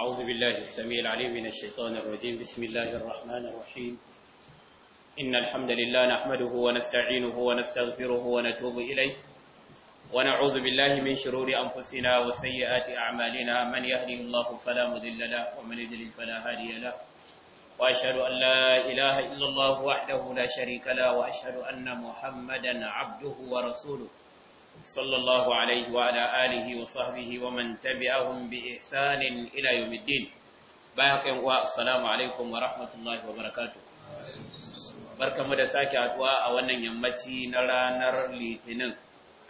أعوذ بالله السميع العليم من الشيطان الرجيم بسم الله الرحمن الرحيم إن الحمد لله نحمده ونستعينه ونستغفره ونتوب إليه ونعوذ بالله من شرور أنفسنا وسيئات أعمالنا من يهده الله فلا مذل له ومن يذلل فلا هادي له وأشهد أن لا إله إلا الله وحده لا شريك له وأشهد أن محمدا عبده ورسوله صلى الله عليه وعلى آله وصحبه ومن تبعهم بإحسان إلى يوم الدين باقي والسلام عليكم ورحمة الله وبركاته بركة مدساكي أتواء أولا يمتي نرى نر لتنم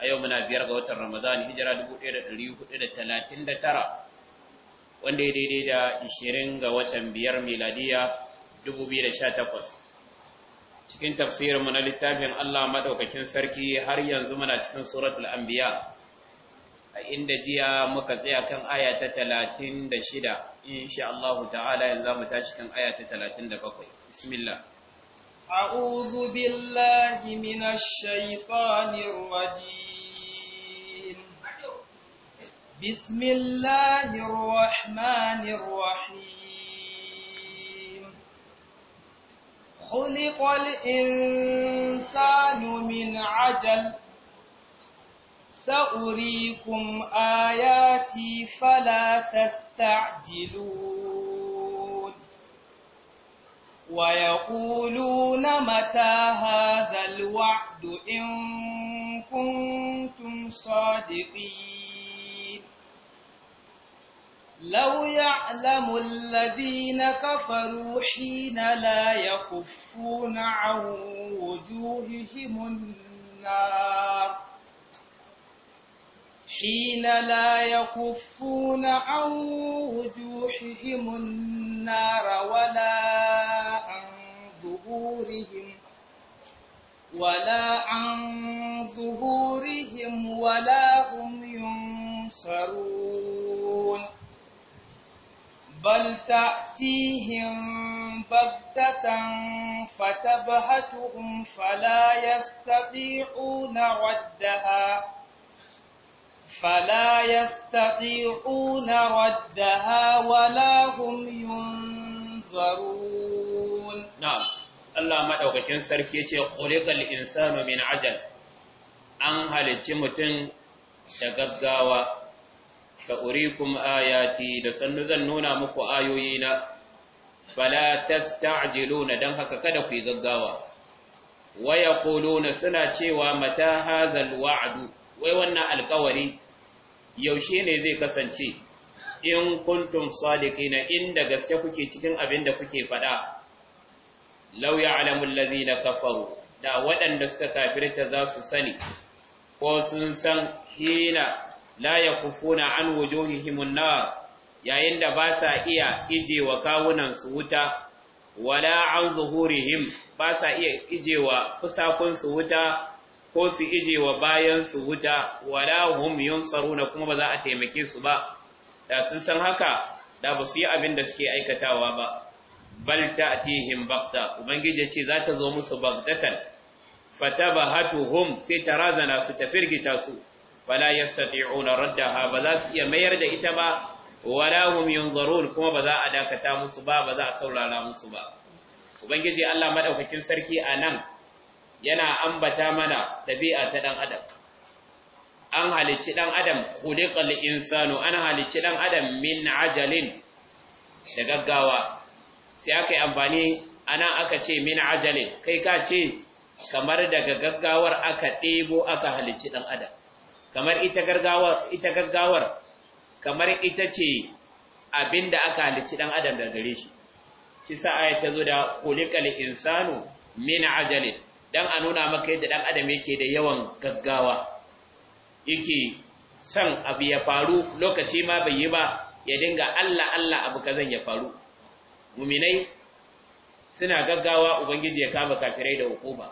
أيومنا بيرغة وتر رمضان هجرة دبوئرة دا ترى wanda ya daidai da 20 ga watan biyar miladiya 2018 cikin tafsirinmu mu na littafin Allah maɗaukacin sarki har yanzu muna cikin suratul anbiya a inda jiya muka tsaya kan aya ta da insha Allah ta'ala yanzu mu tashi kan aya ta 37 bismillah أعوذ بالله من الشيطان الرجيم بسم الله الرحمن الرحيم خلق الإنسان من عجل سأريكم آياتي فلا تستعجلون ويقولون متى هذا الوعد إن كنتم صادقين لو يعلم الذين كفروا حين لا يكفون عن وجوههم النار حين لا يكفون عن وجوههم النار ولا عن ظهورهم ولا عن ظهورهم ولا هم ينصرون بل تأتيهم بغتة فتبهتهم فلا يستطيعون ردها فلا يستطيعون ردها ولا هم ينظرون نعم الله ما دوكاكين sarki yace khuliqal insanu min ajal an halicci mutum da gaggawa sa'urikum ayati da sannu zan nuna muku ayoyi na fala na don haka kada ku yi gaggawa kolo na suna cewa mata hazal wa'adu wai wannan alkawari yaushe ne zai kasance in kuntum sadiqina inda gaske kuke cikin abin da kuke faɗa Lauya lazi na kafaru da waɗanda suka kafirta za su sani ko sun san hina la yakufuna an wujuhihim an yayin da ba sa iya ije wa kawunan su wuta wala an zuhurihim ba sa iya ije wa fusakun su wuta ko su ije wa bayan wuta wala hum yunsaruna kuma ba za a taimake su ba da sun san haka da ba su yi abin da suke aikatawa ba bal ta'tihim bagta ubangiji ce za ta zo musu bagdatan hum sai ta razana su tafirgita su wala yastati'una raddaha ba za su iya mayar da ita ba wala hum yunzarun kuma ba za a dakata musu ba ba za a saurara musu ba ubangiji Allah madaukakin sarki anan yana ambata mana dabi'a ta dan adam an halicci dan adam khuliqal insanu an halicci dan adam min ajalin da gaggawa sai aka yi amfani ana aka ce min ajalin kai ka ce kamar daga gaggawar aka ɗebo aka halicci dan adam kamar ita gargawar ita gaggawar kamar ita ce abinda aka halicci dan adam da gare shi shi sa ayat ta zo da kulikal insanu min ajalin dan a nuna maka yadda dan adam yake da yawan gaggawa yake san abu ya faru lokaci ma bai yi ba ya dinga Allah Allah abu kazan ya faru muminai suna gaggawa ubangiji ya kama kafirai da hukuma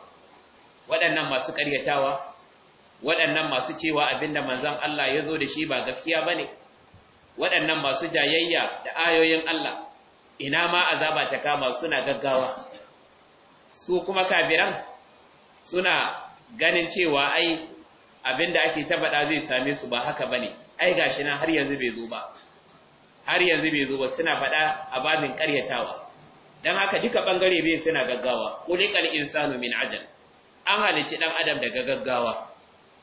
waɗannan masu ƙaryatawa waɗannan masu cewa abinda manzon Allah ya zo da shi ba gaskiya ba ne. waɗannan masu jayayya da ayoyin Allah ina ma azaba ta kama suna gaggawa su kuma kabiran suna ganin cewa ai abinda ake tabaɗa zai same su ba haka ba ne. ai gashi nan har yanzu bai zo ba har yanzu bai zo ba suna faɗa a babin karyatawa. don haka duka ɓangare bai suna gaggawa ƙulikar insanu min ajal an halici ɗan adam daga gaggawa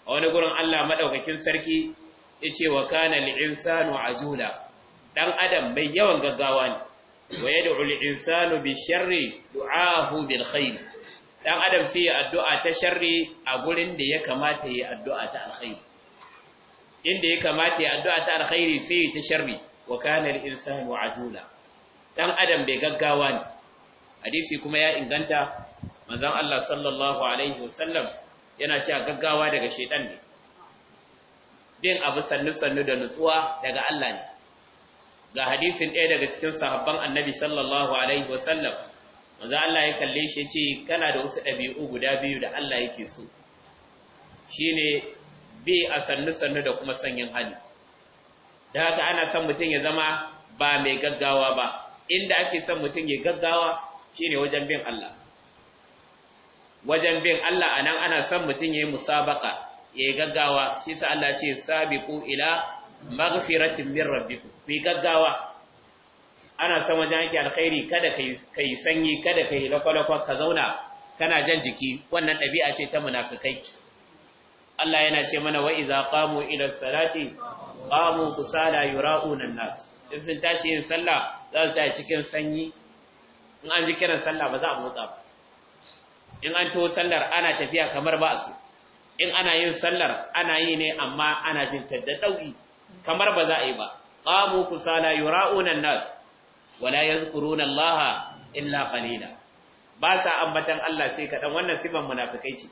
a wani gurin Allah maɗaukakin sarki ya yace wa kana al-insanu ajula dan adam mai yawan gaggawa ne wa yad'u al-insanu bi sharri du'ahu bil khair dan adam sai ya addu'a ta sharri a gurin da ya kamata ya addu'a ta alkhairi inda ya kamata ya addu'a ta alkhairi sai ya ta sharri wa kana al-insanu ajula dan adam bai gaggawa ne hadisi kuma ya inganta manzon Allah sallallahu alaihi wasallam yana cewa gaggawa daga shaidan ne bin abu sannu-sannu da nutsuwa daga Allah ne ga hadisin ɗaya daga cikin sahabban annabi sallallahu alaihi wasallam manzo Allah ya kalle shi ce kana da wasu ɗabi'u guda biyu da Allah yake so shine bi a sannu-sannu da kuma sanyin hali da haka ana son mutum ya zama ba mai gaggawa ba inda ake son mutum ya gaggawa shine wajen bin Allah wajen bin Allah anan ana son mutum ya yi musabaka yi gaggawa shi sa Allah ce sabiku ila maghfiratin min ku yi gaggawa ana son wajen yake alkhairi kada ka yi sanyi kada ka yi lakwalakwa ka zauna kana jan jiki wannan ɗabi'a ce ta munafikai Allah yana ce mana wa iza qamu ila salati qamu kusala yura'una nas in sun tashi yin sallah za su tashi cikin sanyi in an ji kiran sallah ba za a motsa ba in an to sallar ana tafiya kamar ba su in ana yin sallar ana yi ne amma ana jin tadda dauki kamar ba za a yi ba qamu kusala yura'una an-nas wala yadhkuruna Allah illa qalila ba sa ambatan Allah sai kadan wannan siban munafikai ce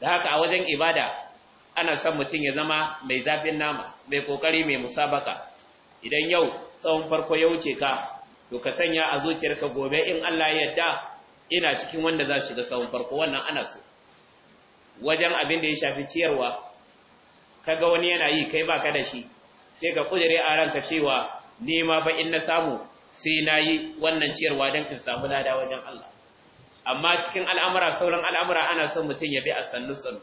da haka a wajen ibada ana san mutum ya zama mai zafin nama mai kokari mai musabaka idan yau tsawon farko ya wuce ka to ka sanya a zuciyarka gobe in Allah ya yarda ina cikin wanda za shiga sahun farko wannan ana so wajen abin da ya shafi ciyarwa kaga wani yana yi kai baka da shi sai ka kudure a ranka cewa nema ba in na samu sai na yi wannan ciyarwa don in samu lada wajen Allah amma cikin al'amura sauran al'amura ana son mutum ya bi a sannu sannu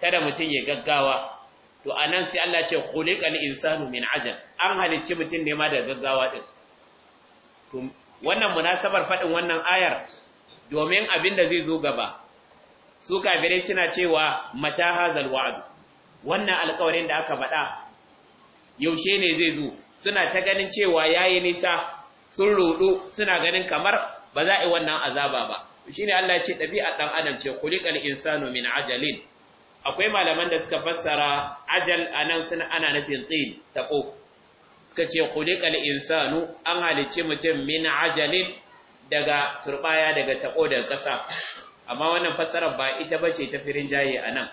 kada mutum ya gaggawa to nan sai Allah ce khuliqal insanu min ajal an halicci mutum ne ma da gaggawa din to wannan munasabar faɗin wannan ayar domin abin da zai zo gaba su kafirai suna cewa mata hazal wa'adu wannan alƙawarin da aka faɗa yaushe ne zai zo suna ta ganin cewa yayi nisa sun rudu suna ganin kamar ba za a yi wannan azaba ba shine Allah ya ce ɗabi'ar ɗan adam ce kulikal insanu min ajalin akwai malaman da suka fassara ajal anan suna ana nufin tsin taɓo suka ce kulikal insanu an halicci mutum min ajalin daga turbaya daga tako da ƙasa amma wannan fassarar ba ita bace ta firin jaye anan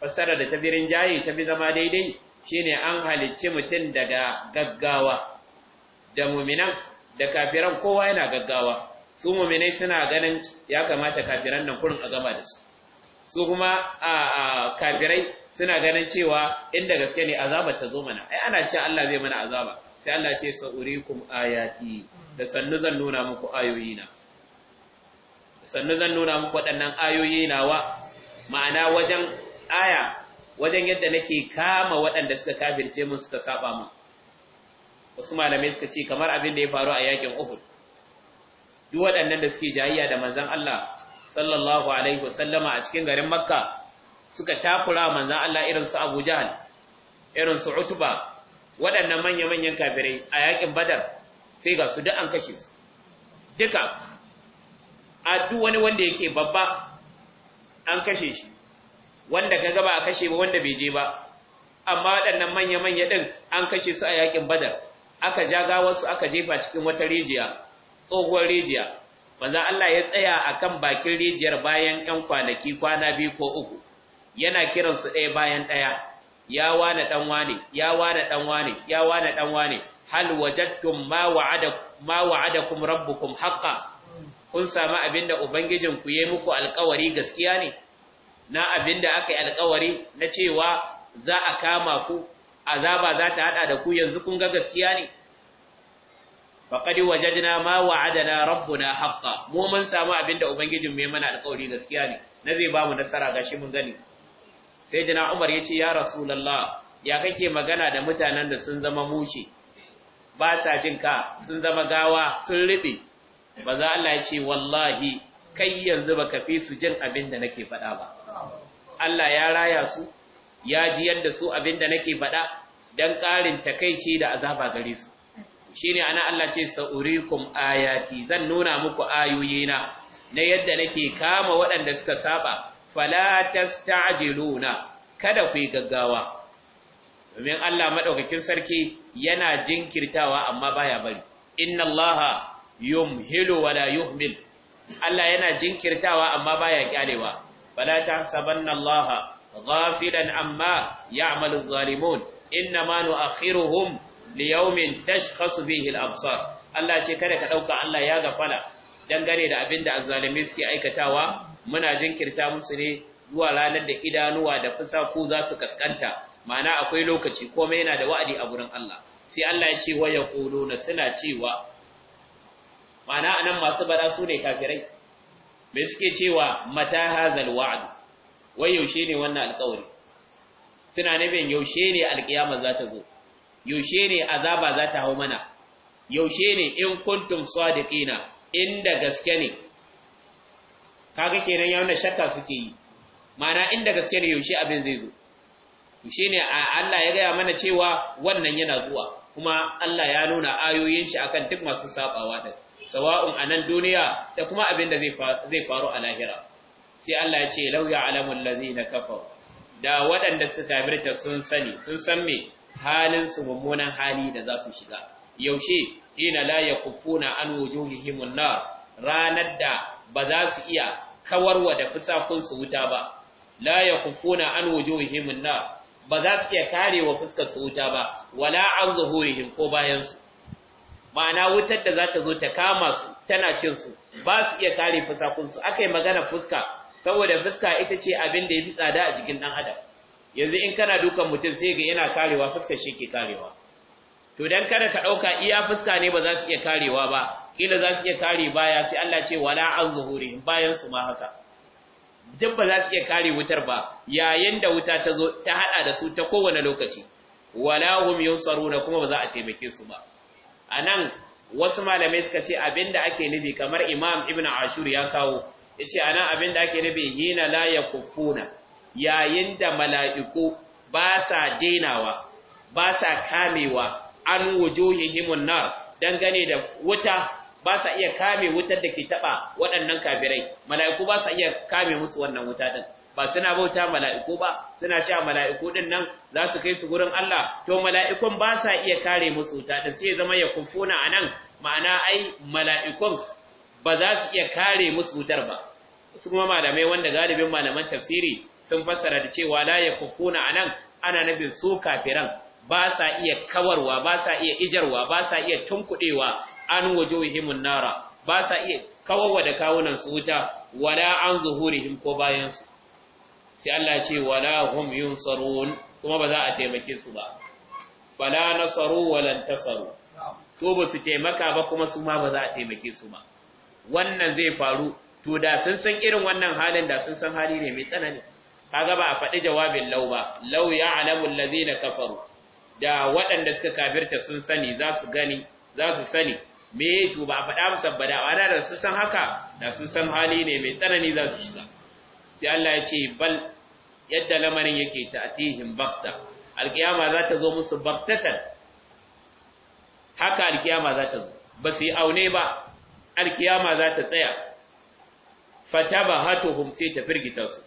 fassarar da ta firin jaye ta fi zama daidai shine an halicci mutum daga gaggawa da mu'minan da kafiran kowa yana gaggawa su mu'minai suna ganin ya kamata kafiran nan kurin a gama da su su kuma a kafirai suna ganin cewa inda gaske ne azaba ta zo mana ai ana cewa Allah zai mana azaba sai Allah ce sa'urikum ayati da sannu zan nuna muku ayoyi na da sannu zan nuna muku waɗannan ayoyi nawa ma'ana wajen aya wajen yadda nake kama waɗanda suka kafirce mun suka saba mun wasu malamai suka ce kamar abin da ya faru a yakin Uhud duk waɗannan da suke jayayya da manzon Allah sallallahu alaihi wasallama a cikin garin Makka suka takura manzon Allah irin su Abu Jahl irin su Utba waɗannan manya-manyan kafirai a yakin Badar sai ga su duk an kashe su duka a duk wani wanda yake babba an kashe shi wanda kaga gaba a kashe ba wanda bai je ba amma waɗannan manya-manya ɗin an kashe su a yakin badar aka ja gawarsu aka jefa cikin wata rijiya tsohuwar rijiya banza Allah ya tsaya a kan bakin rijiyar bayan 'yan kwanaki kwana biyu ko uku yana kiransu ɗaya bayan ɗaya ya wane ɗan wane ya wane ɗan wane ya wane ɗan wane hal wajadtum ma wa'ada ma wa'adakum rabbukum haqqan kun samu abinda ubangijin ku yayi muku alƙawari gaskiya ne na abinda aka yi alƙawari na cewa za a kama ku azaba za ta hada da ku yanzu kun ga gaskiya ne faqad wajadna ma wa'adana rabbuna haqqan mu mun samu abinda ubangijin mu yi mana alƙawari gaskiya ne na zai ba mu nasara gashi mun gani sai jina Umar yace ya Rasulullah ya kake magana da mutanen da sun zama mushi ba sa jin ka sun zama gawa sun riɓe ba za Allah ya ce wallahi kai yanzu ba ka fi su jin abin da nake faɗa ba Allah ya raya su ya ji yadda su abin da nake faɗa don ƙarin takaici da azaba gare su shine ana Allah ce sa'urikum ayati zan nuna muku ayoyina na yadda nake kama waɗanda suka saba fala tasta'jiluna kada ku yi gaggawa domin Allah madaukakin sarki yana jinkirtawa amma baya bari inna allaha yumhilu wala yuhmil Allah yana jinkirtawa amma baya kyalewa bala tahsabanna allaha ghafilan amma ya'malu zalimun innama nu'akhiruhum liyawmin tashkhasu bihi al-absar Allah ce kada ka dauka Allah ya gafala dangane da abinda azzalimi suke aikatawa muna jinkirta musu ne zuwa ranar da idanuwa da fusaku za su kaskanta ma'ana akwai lokaci komai yana da wa'adi a gurin Allah sai Allah ya ce wa na suna cewa ma'ana anan masu bada su ne kafirai me suke cewa mata hazal wa'adu? wai yaushe ne wannan alƙawari suna nufin yaushe ne alƙiyama za ta zo yaushe ne azaba za ta hau mana yaushe ne in kuntum sadiqina inda gaske ne kaga kenan ya wannan shakka suke yi ma'ana inda gaske ne yaushe abin zai zo to shine Allah ya gaya mana cewa wannan yana zuwa kuma Allah ya nuna ayoyin shi akan duk masu sabawa da sawa'un anan duniya da kuma abin da zai faru a lahira sai Allah ya ce law ya'lamu allazina kafaru da waɗanda suka tabirta sun sani sun san me halin su mummunan hali da za su shiga yaushe ina la yakufuna an wujuhihim nar ranar da ba za su iya kawarwa da fusakun su wuta ba la yakufuna an wujuhihim nar ba za su iya kare wa fuskar su wuta ba wala an zuhurihim ko bayan su ma'ana wutar da za ta zo ta kama su tana cin su ba su iya kare fusakun su akai magana fuska saboda fuska ita ce abin da ya fi tsada a jikin dan adam yanzu in kana dukan mutum sai ga yana karewa fuskar shi ke karewa to dan kada ka ɗauka iya fuska ne ba za su iya karewa ba kila za su iya kare baya sai Allah ce wala an zuhurihim bayan su ma haka duk ba za su iya kare wutar ba yayin da wuta ta zo ta hada da su ta kowane lokaci wala hum da kuma ba za a taimake su ba anan wasu malamai suka ce abinda ake nufi kamar imam ibnu ashur ya kawo yace anan abinda ake nufi hina la yakufuna yayin da mala'iku ba sa dainawa ba sa kamewa an wujuhihimun nar dangane da wuta ba sa iya kame wutar da ke taɓa waɗannan kafirai mala'iku ba sa iya kame musu wannan wuta ɗin. ba suna bauta mala'iku ba suna cewa mala'iku din nan za su kai su gurin Allah to mala'ikun ba sa iya kare musu wuta din sai zama ya kufuna anan ma'ana ai mala'ikun ba za su iya kare musu wutar ba su kuma malamai wanda galibin malaman tafsiri sun fassara da cewa la a nan ana nabin su kafiran ba sa iya kawarwa ba sa iya ijarwa ba sa iya tunkuɗewa an waje wujuhihim nara ba sa iya kawawa da kawunan su wuta wala an zuhurihim ko bayan su sai Allah ce wala hum yunsarun kuma ba za a taimake su ba fala nasaru walan tasaru so ba su taimaka ba kuma su ma ba za a taimake su ba wannan zai faru to da sun san irin wannan halin da sun san hali ne mai tsanani kaga ba a faɗi jawabin lau ba lau ya'lamu allazina kafaru da waɗanda suka kafirta sun sani za su gani za su sani me to ba a faɗa musu ba da da su san haka da sun san hali ne mai tsanani za su shiga sai Allah ya ce bal yadda lamarin yake atihim bakta alkiyama za ta zo musu baktatan haka alkiyama za ta zo ba su yi aune ba alkiyama za ta tsaya hatuhum sai ta firgita su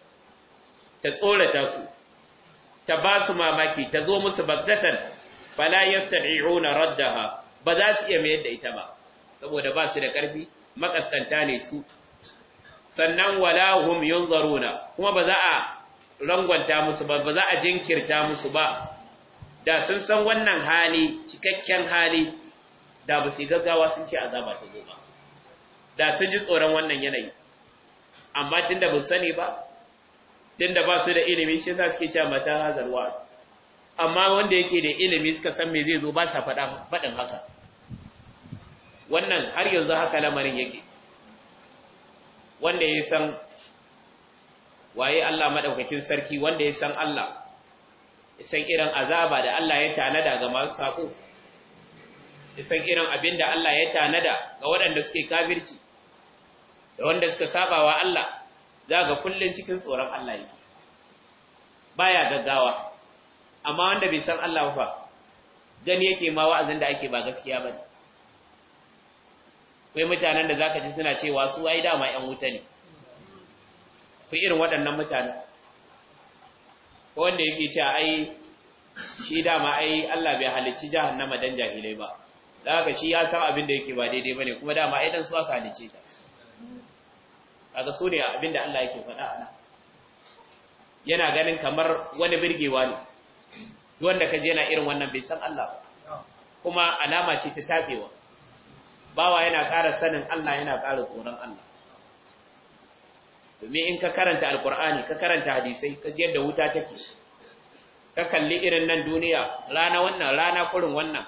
ta tsorata su ta ba su mamaki ta zo musu baktatan fala yastabi'una raddaha ba za su iya mayar da ita ba saboda ba su da ƙarfi makasanta ne su sannan wala hum yunzaruna kuma ba za a rangwanta musu ba ba za a jinkirta musu ba da sun san wannan hali cikakken hali da ba su gaggawa sun ce azaba ta zo ba da sun ji tsoron wannan yanayi amma tunda ba sani ba tunda ba su da ilimi shi yasa suke cewa mata hazarwa amma wanda yake da ilimi suka san me zai zo ba sa faɗin haka wannan har yanzu haka lamarin yake wanda ya san waye Allah madaukakin sarki wanda ya san Allah san irin azaba da Allah ya tanada ga masu sako san irin abin da Allah ya tanada ga waɗanda suke kafirci da wanda suka sabawa Allah za ga kullun cikin tsoron Allah ne baya gaggawa amma wanda bai san Allah ba gani yake ma wa'azin da ake ba gaskiya ba kai mutanen da zaka ji suna cewa su ai dama ƴan wuta ne ku irin waɗannan mutanen ko wanda yake cewa ai shi dama ai Allah bai halicci jahannama dan jahilai ba zaka shi ya san abin da yake ba daidai bane kuma dama ai dan su aka halicce ta kaga su ne abin da Allah yake faɗa ana yana ganin kamar wani birgewa ne wanda ka je na irin wannan bai san Allah kuma alama ce ta tabewa bawa yana ƙara sanin Allah yana ƙara tsoron Allah domin in ka karanta alkur'ani ka karanta hadisai ka ji yadda wuta take ka kalli irin nan duniya rana wannan rana kurin wannan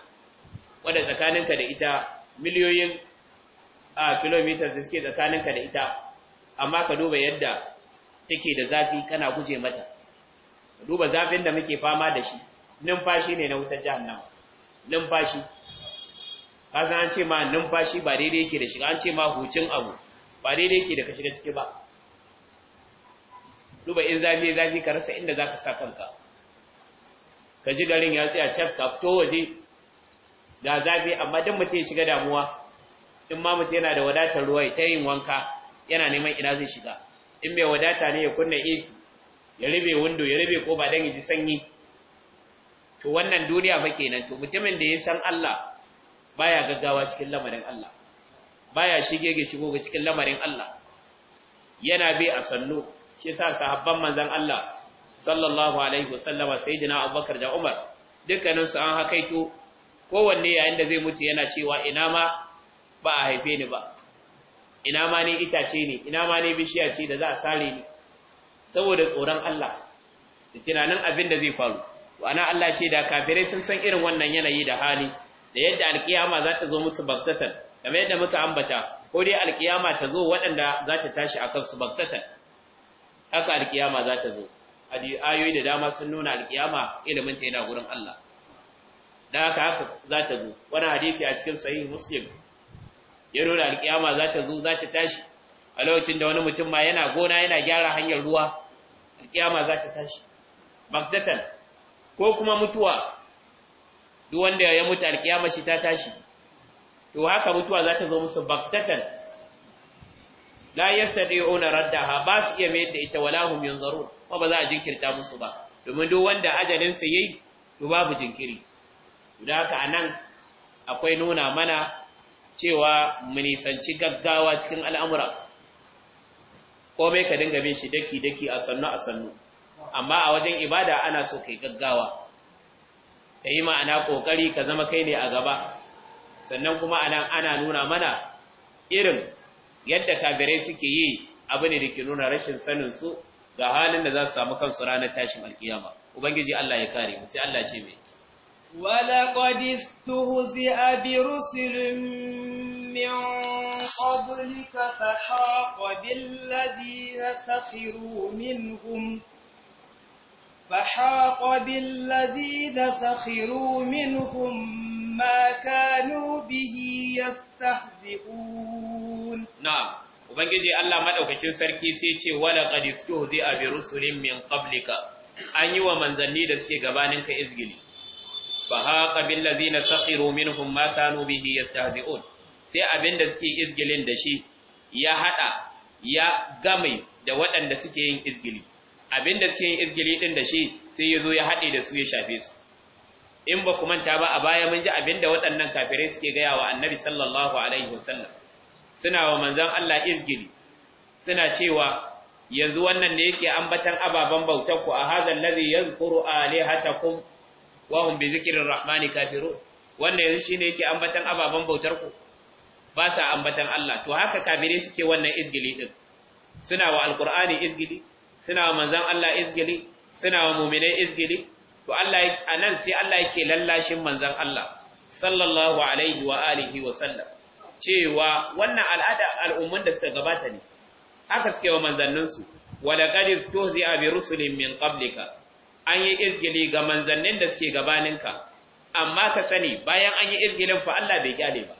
wadda tsakaninka da ita miliyoyin a kilomitar da suke tsakaninka da ita amma ka duba yadda take da zafi kana guje mata duba zafin da muke fama da shi numfashi ne na wutar jahannama numfashi kasan an ce ma numfashi ba daidai yake da shiga an ce ma hucin abu ba daidai yake da ka shiga ciki ba duba in zafi zafi ka rasa inda za ka sa kanka ka ji garin ya tsaya cef ka fito waje ga zafi amma don mutum ya shiga damuwa in ma mutum yana da wadatar ruwa ta yin wanka yana neman ina zai shiga in mai wadata ne ya kunna AC ya rube windo ya rube koba don ya ji sanyi to wannan duniya fa kenan to mutumin da ya san Allah baya gaggawa cikin lamarin Allah baya shige ga shigo ga cikin lamarin Allah yana bi a sannu shi yasa sahabban manzon Allah sallallahu alaihi wasallama sayyidina Abubakar da Umar dukkanin su an hakaito kowanne yayin da zai mutu yana cewa ina ma ba a haife ni ba ina ma ne itace ne ina ma ne bishiya ce da za a sare ni saboda tsoron Allah da tunanin abin da zai faru Wani Allah ce da kafirai sun san irin wannan yanayi da hali da yadda alkiyama za ta zo musu baktatan kamar yadda muka ambata ko dai alkiyama ta zo waɗanda za ta tashi a kansu baktatan haka alkiyama za ta zo ayoyi da dama sun nuna alkiyama ilimin ta yana gurin Allah da haka haka za ta zo wani hadisi a cikin sahih muslim ya nuna alkiyama za ta zo za ta tashi a lokacin da wani mutum ma yana gona yana gyara hanyar ruwa alkiyama za ta tashi baktatan ko kuma mutuwa duk wanda ya mutu alkiyama shi ta tashi to haka mutuwa za ta zo musu baktatan la yastadi'una raddaha ba su iya mayar da ita wala hum yanzarun kuma ba za a jinkirta musu ba domin duk wanda ajalin sa yayi to babu jinkiri dan haka anan akwai nuna mana cewa mu nisanci gaggawa cikin al'amura ko komai ka dinga bin shi daki daki a sannu a sannu amma a wajen ibada ana so kai gaggawa ka yi ma'ana ƙoƙari ka zama kai ne a gaba sannan kuma ana, ana nuna mana irin yadda kabirai suke yi abu ne da ke nuna rashin saninsu ga halin da za su samu kansu ranar tashin alkiyama ubangiji Allah ya kare mu sai Allah ce mai ولقد استهزئ برسل من قبلك فحاق بالذين سخروا منهم فحاق بالذين سخروا منهم ما كانوا به يستهزئون نعم ubangiji Allah madaukakin sarki sai ce wala qad istuhzi'a bi rusulin min qablika an yi wa manzanni da suke ka izgili fa haqa bil ladina sakhiru minhum ma kanu bihi yastahzi'un sai abinda suke izgilin da shi ya hada ya game da waɗanda suke yin izgili abinda suke yin izgili ɗin da shi sai ya zo ya haɗe da su ya shafe su in ba ku manta ba a baya mun ji abinda waɗannan kafirai suke gaya wa annabi sallallahu alaihi wasallam suna wa manzon Allah izgili suna cewa yanzu wannan ne yake ambatan ababan bautar ku a hadha allazi yadhkuru alihatakum wa hum bi zikrir rahmani kafirun wannan yanzu shine yake ambatan ababan bautar ku ba sa ambatan Allah to haka kafirai suke wannan izgili din suna wa alqur'ani izgili suna wa manzan Allah izgili suna wa muminai izgili to Allah nan sai Allah yake lallashin manzan Allah sallallahu alaihi wa alihi wa sallam cewa wannan al'ada al'umman da suka gabata ne haka suke wa manzanninsu wala qadir stuhzi'a bi rusulin min qablika an yi izgili ga manzannin da suke gabaninka amma ka sani bayan an yi izgilin fa Allah bai kyale ba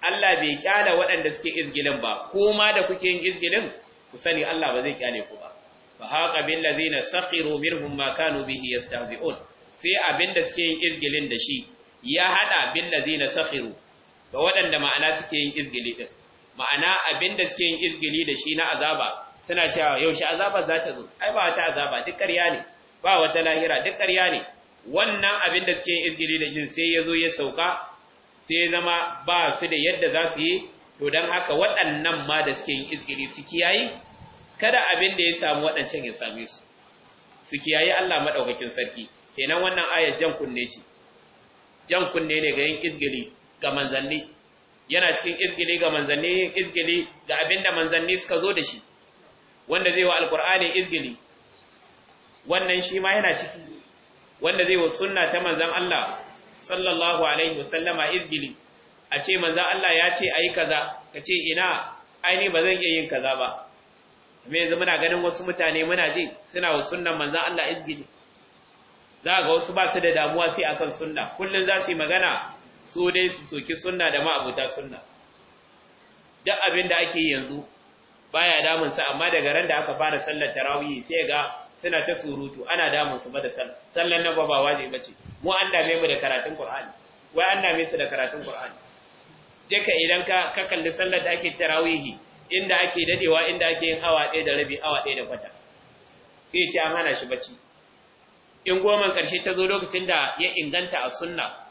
Allah bai kyala waɗanda suke izgilin ba kuma da kuke yin izgilin ku sani Allah ba zai kyale ku ba fa haqa bil ladina saqiru minhum ma kanu bihi yastahzi'un sai abinda suke yin izgilin da shi ya hada bil ladina saqiru ga waɗanda ma'ana suke yin izgili din ma'ana abinda suke yin izgili da shi na azaba suna cewa yaushe azaba za ta zo ai ba wata azaba duk ƙarya ne ba wata lahira duk ƙarya ne wannan abin da suke izgili da shi sai ya zo ya sauka sai zama ba su da yadda za su yi to don haka waɗannan ma da suke yin izgiri su kiyaye kada abin da ya samu waɗancan ya same su su kiyaye Allah maɗaukakin sarki kenan wannan ayar jan kunne ce jan kunne ne ga yin izgiri ga manzanni yana cikin izgili ga manzanni yin izgili ga abin da manzanni suka zo da shi wanda zai wa alkur'ani izgili wannan shi ma yana ciki wanda zai wa sunna ta manzan Allah sallallahu alaihi wasallama izgili a ce manzan Allah ya ce a yi kaza ka ce ina aini ba zan iya yin kaza ba me yanzu muna ganin wasu mutane muna ji suna wa sunan manzan Allah izgini, za ga wasu ba su da damuwa sai kan suna, kullum za su yi magana su dai su soki suna da ma'abuta suna. duk abin da ake yanzu baya damun damunsa, amma daga ran da aka fara sallar tarawih sai ga suna ta surutu ana damun su ba da sallar sallar nan ba ba wajibi bace mu an dame mu da karatun Kur'ani, wai an dame su da karatun Kur'ani. duka idan ka ka kalli sallar da ake tarawihi inda ake dadewa inda ake yin awa ɗaya da rabi awa ɗaya da kwata sai ce an hana shi bacci in goman ƙarshe ta zo lokacin da ya inganta a sunna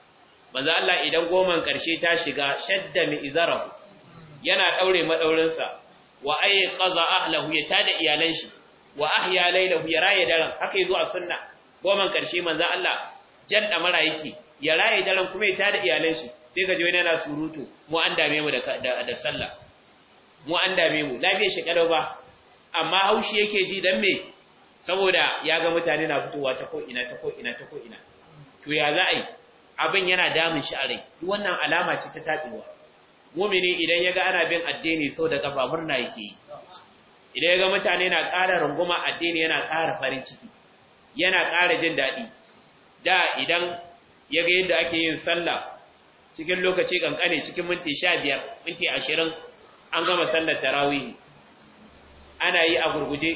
manzo Allah idan goman ƙarshe ta shiga shadda mi izarahu yana daure madaurinsa wa qaza ahlihi ya tada iyalan shi wa ahya lailahu ya raye daren haka yazo a sunna goman karshe manzo Allah jan damara ya raye daren kuma ya tada iyalan shi sai ka ji yana surutu mu an dame mu da sallah mu an dame mu lafiyar shi ba amma haushi yake ji dan me saboda ya ga mutane na fitowa ta ko ta ko ta ko to ya za yi abin yana damun shi a rai wannan alama ce ta tabewa mumini idan ya ga ana bin addini sau da kafa murna yake yi idan ya ga mutane na ƙara runguma addini yana ƙara farin ciki yana ƙara jin daɗi da idan ya ga yadda ake yin sallah cikin lokaci kankane cikin minti sha biyar minti ashirin an gama sallar tarawih ana yi a gurguje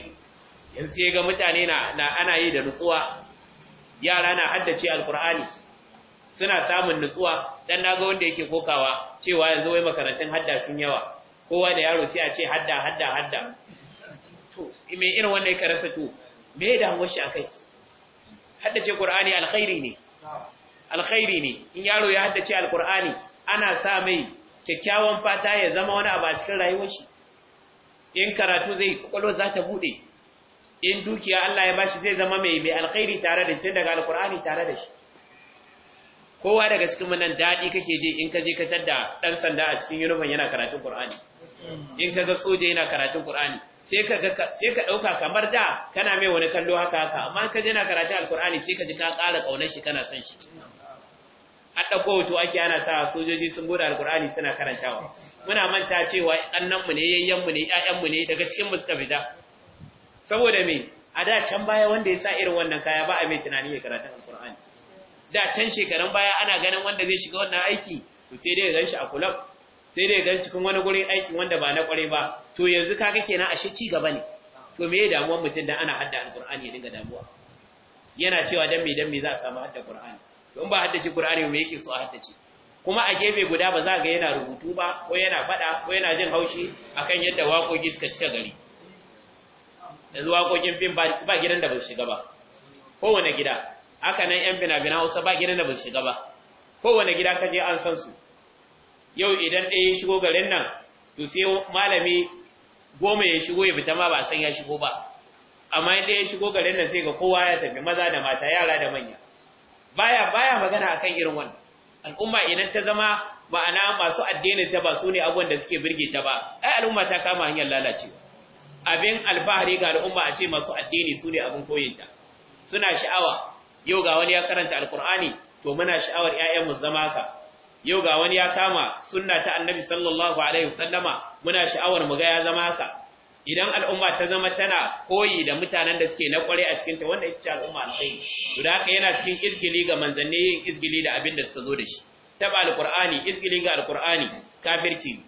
yanzu ya ga mutane na ana yi da nutsuwa yara na haddace alkur'ani suna samun nutsuwa dan naga wanda yake kokawa cewa yanzu wai makarantun hadda sun yawa kowa da yaro sai a ce hadda hadda hadda to me irin wannan ka rasa to me da hawashi akai haddace qur'ani alkhairi ne alkhairi ne in yaro ya haddace alkur'ani ana sa mai kyakkyawan fata ya zama wani abu a cikin rayuwar shi in karatu zai kwakwalwa za ta buɗe in dukiya Allah ya bashi zai zama mai mai alkhairi tare da shi tun daga alkur'ani tare da shi kowa daga cikin nan daɗi kake je in ka je ka tadda ɗan sanda a cikin yunifon yana karatun ƙur'ani in ka ga soja yana karatun ƙur'ani sai ka ɗauka kamar da kana mai wani kallo haka haka amma ka je na karatun alƙur'ani sai ka ji ka ƙara ƙaunar shi kana son shi an ɗauko hoto ake ana sa sojoji sun bude alkur'ani suna karantawa muna manta cewa ƙannanmu ne yayyanmu ne ƴaƴanmu ne daga cikin mu suka fita saboda me a da can baya wanda ya sa irin wannan kaya ba a mai tunani ya karanta alkur'ani da can shekaran baya ana ganin wanda zai shiga wannan aiki to sai dai ya ganshi a kulab sai dai ya ganshi cikin wani gurin aiki wanda ba na kware ba to yanzu kaga kenan ashe ci gaba ne to me ya damuwa mutum da ana hadda alkur'ani ya dinga damuwa yana cewa dan me dan me za a samu hadda alkur'ani don ba haddace Qur'ani me yake so a haddace kuma a gefe guda ba za ga yana rubutu ba ko yana fada ko yana jin haushi akan yadda wakoki suka cika gari yanzu wakokin fim ba gidan da ba su shiga ba kowane gida haka nan yan bina bina Hausa ba gidan da ba su shiga ba kowane gida ka je an san su yau idan ɗaya ya shigo garin nan to sai malami goma ya shigo ya fita ma ba san ya shigo ba amma idan ya shigo garin nan sai ga kowa ya tafi maza da mata yara da manya baya baya magana akan irin wannan al'umma idan ta zama ma'ana masu addinin ta ba su ne abun da suke birge ta ba ai al'umma ta kama hanyar lalacewa abin alfahari ga al'umma a ce masu addini su ne abin koyinta suna sha'awa yau ga wani ya karanta alkur'ani to muna sha'awar ƴaƴan mu zama ka yau ga wani ya kama sunna ta annabi sallallahu alaihi wasallama muna sha'awar mu ga ya zama ka idan al'umma ta zama tana koyi da mutanen da suke na kware a cikinta wanda ita ce al'umma alkhairi to da haka yana cikin izgili ga manzanni yin izgili da abin da suka zo da shi taba alqur'ani izgili ga alqur'ani kafirci ne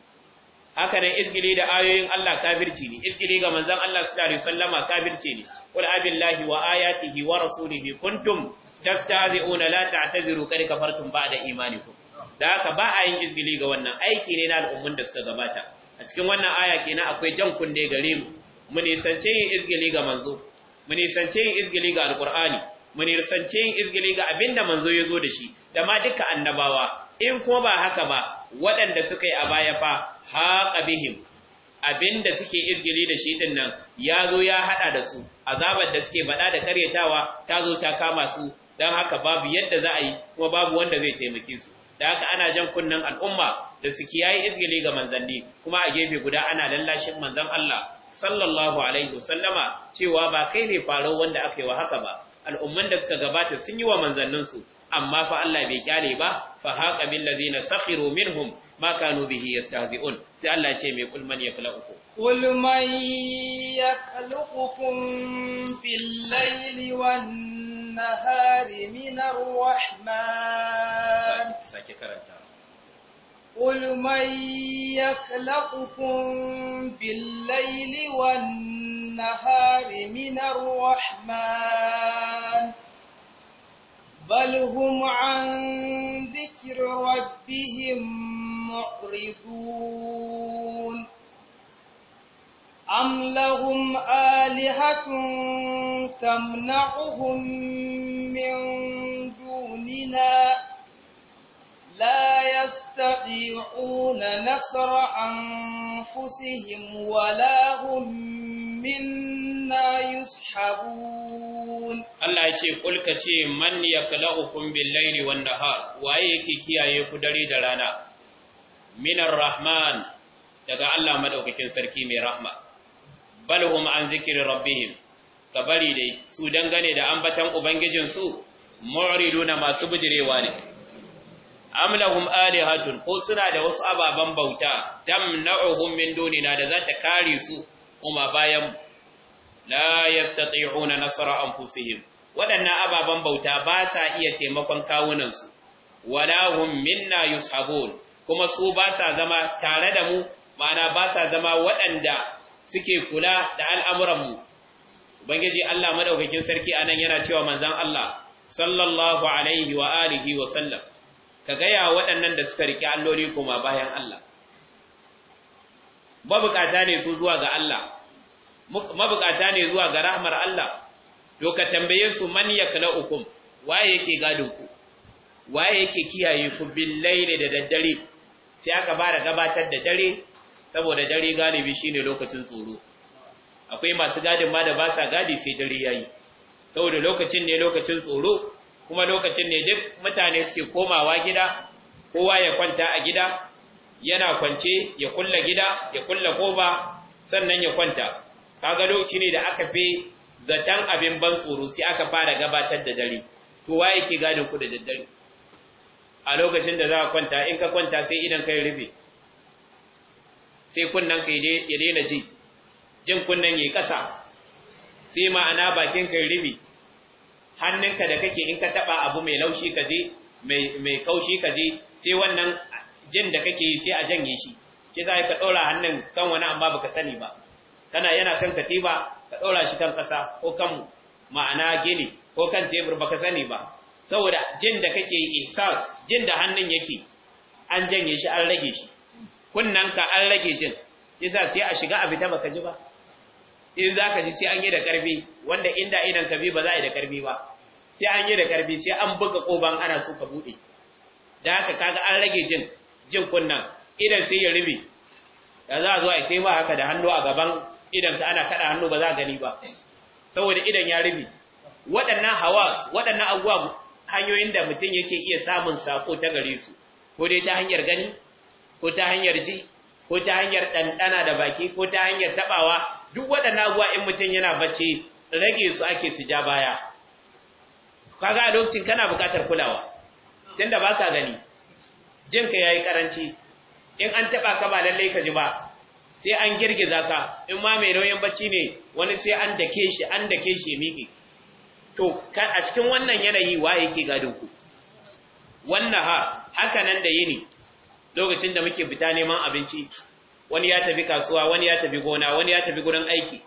haka nan izgili da ayoyin Allah kafirci ne izgili ga manzan Allah sallallahu alaihi wasallama kafirci ne qul abillahi wa ayatihi wa rasulihi kuntum tastahzi'una la ta'taziru kad kafartum ba'da imanikum da haka ba a yin izgili ga wannan aiki ne na al'ummun da suka gabata a cikin wannan aya kenan akwai jan kunne gare mu mu nisance yin izgili ga manzo mu nisance yin izgili ga alqur'ani mu nisance yin izgili ga abinda manzo ya zo da shi da ma duka annabawa in kuma ba haka ba waɗanda suka yi a baya fa haqa bihim abinda suke izgili da shi din nan ya zo ya haɗa da su azabar da suke bada da karyatawa ta zo ta kama su dan haka babu yadda za a yi kuma babu wanda zai taimake su da haka ana jan kunnen al'umma da su kiyaye izgili ga manzanni kuma a gefe guda ana lallashin manzan Allah sallallahu alaihi wasallama cewa ba kai ne faro wanda aka yi wa haka ba al'umman da suka gabata sun yi wa manzanninsu amma fa Allah bai kyale ba fa haqa bil ladina sakhiru minhum ma kanu bihi yastahzi'un sai Allah ya ce mai kul man yakhluqu kul man yakhluqukum bil layli wan nahari min ar-rahman ake karanta قل من يخلقكم بالليل والنهار من الرحمن بل هم عن ذكر ربهم muqribun أم لهم آلهة تمنعهم من دوننا لا يستطيعون نصر أنفسهم ولا هم منا يسحبون الله يشي قل كتي من يكلأكم بالليل والنهار وأيك كي أيك دري درانا من الرحمن daga Allah madaukakin sarki mai rahma balhum an zikri ka bari dai su dangane da ambatan ubangijin su mu'riduna masu bujirewa ne Amlahum alihatun ko suna da wasu ababan bauta tamna'uhum min dunina da za ta kare su kuma bayan la yastati'una nasra anfusihim waɗannan ababan bauta ba sa iya taimakon kawunansu wala hum minna yushabun kuma su ba sa zama tare da mu ma'ana ba sa zama waɗanda suke kula da al'amuran mu. ubangiji Allah madaukakin sarki anan yana cewa manzon Allah sallallahu alaihi wa alihi wa sallam ka gaya waɗannan da suka riƙe alloli kuma bayan Allah mabukata ne su zuwa ga Allah mabukata ne zuwa ga rahmar Allah to ka tambaye su man yaklaukum waye yake gadin ku waye yake kiyaye ku laili da daddare sai aka da gabatar da dare saboda dare galibi shine lokacin tsoro akwai masu gadin ma da ba sa gadi sai dare yayi saboda lokacin ne lokacin tsoro kuma lokacin ne duk mutane suke komawa gida kowa ya kwanta a gida yana kwance ya kulla gida ya kulla koba sannan ya kwanta kaga lokaci ne da aka fi zaton abin ban tsoro sai aka fara gabatar da dare to waye ke gadin ku da daddare a lokacin da za ka kwanta in ka kwanta sai idan kai rufe sai kunnan ka ya daina ji jin kunnan yayi ƙasa, sai ma'ana bakin kai rufe hannunka da kake in ka taba abu mai laushi ka je mai kaushi ka je sai wannan jin da kake yi sai a janye shi ke za ka ɗora hannun kan wani amma baka sani ba kana yana kan katiba ka ɗora shi kan kasa ko kan ma'ana gini ko kan tebur baka sani ba saboda jin da kake yi ihsas jin da hannun yake an janye shi an rage shi ka an rage jin sai sai a shiga a fita baka ji ba in za ka ji sai an yi da karfi wanda inda idan ka bi ba za a yi da karfi ba sai an yi da karfi sai an buga koban ana so ka buɗe da haka kaga an rage jin jin kunnan idan sai ya rubi da za a zo a kai ba haka da hannu a gaban idan ka ana kada hannu ba za gani ba saboda idan ya rubi waɗannan hawas waɗannan abubuwa hanyoyin da mutum yake iya samun sako ta gare su ko dai ta hanyar gani ko ta hanyar ji ko ta hanyar ɗanɗana da baki ko ta hanyar taɓawa duk waɗannan abuwa in mutum yana bacci rage su ake su ja baya kaga a lokacin kana buƙatar kulawa tunda ba ka gani jinka yi karanci in an taɓa ka ba lallai ka ji ba sai an girgiza ka in ma mai nauyin bacci ne wani sai an dake shi an dake shi ya miƙe to a cikin wannan yanayi wa yake gadin ku wannan ha haka nan da yini lokacin da muke fita neman abinci wani ya tafi kasuwa wani ya tafi gona wani ya tafi gurin aiki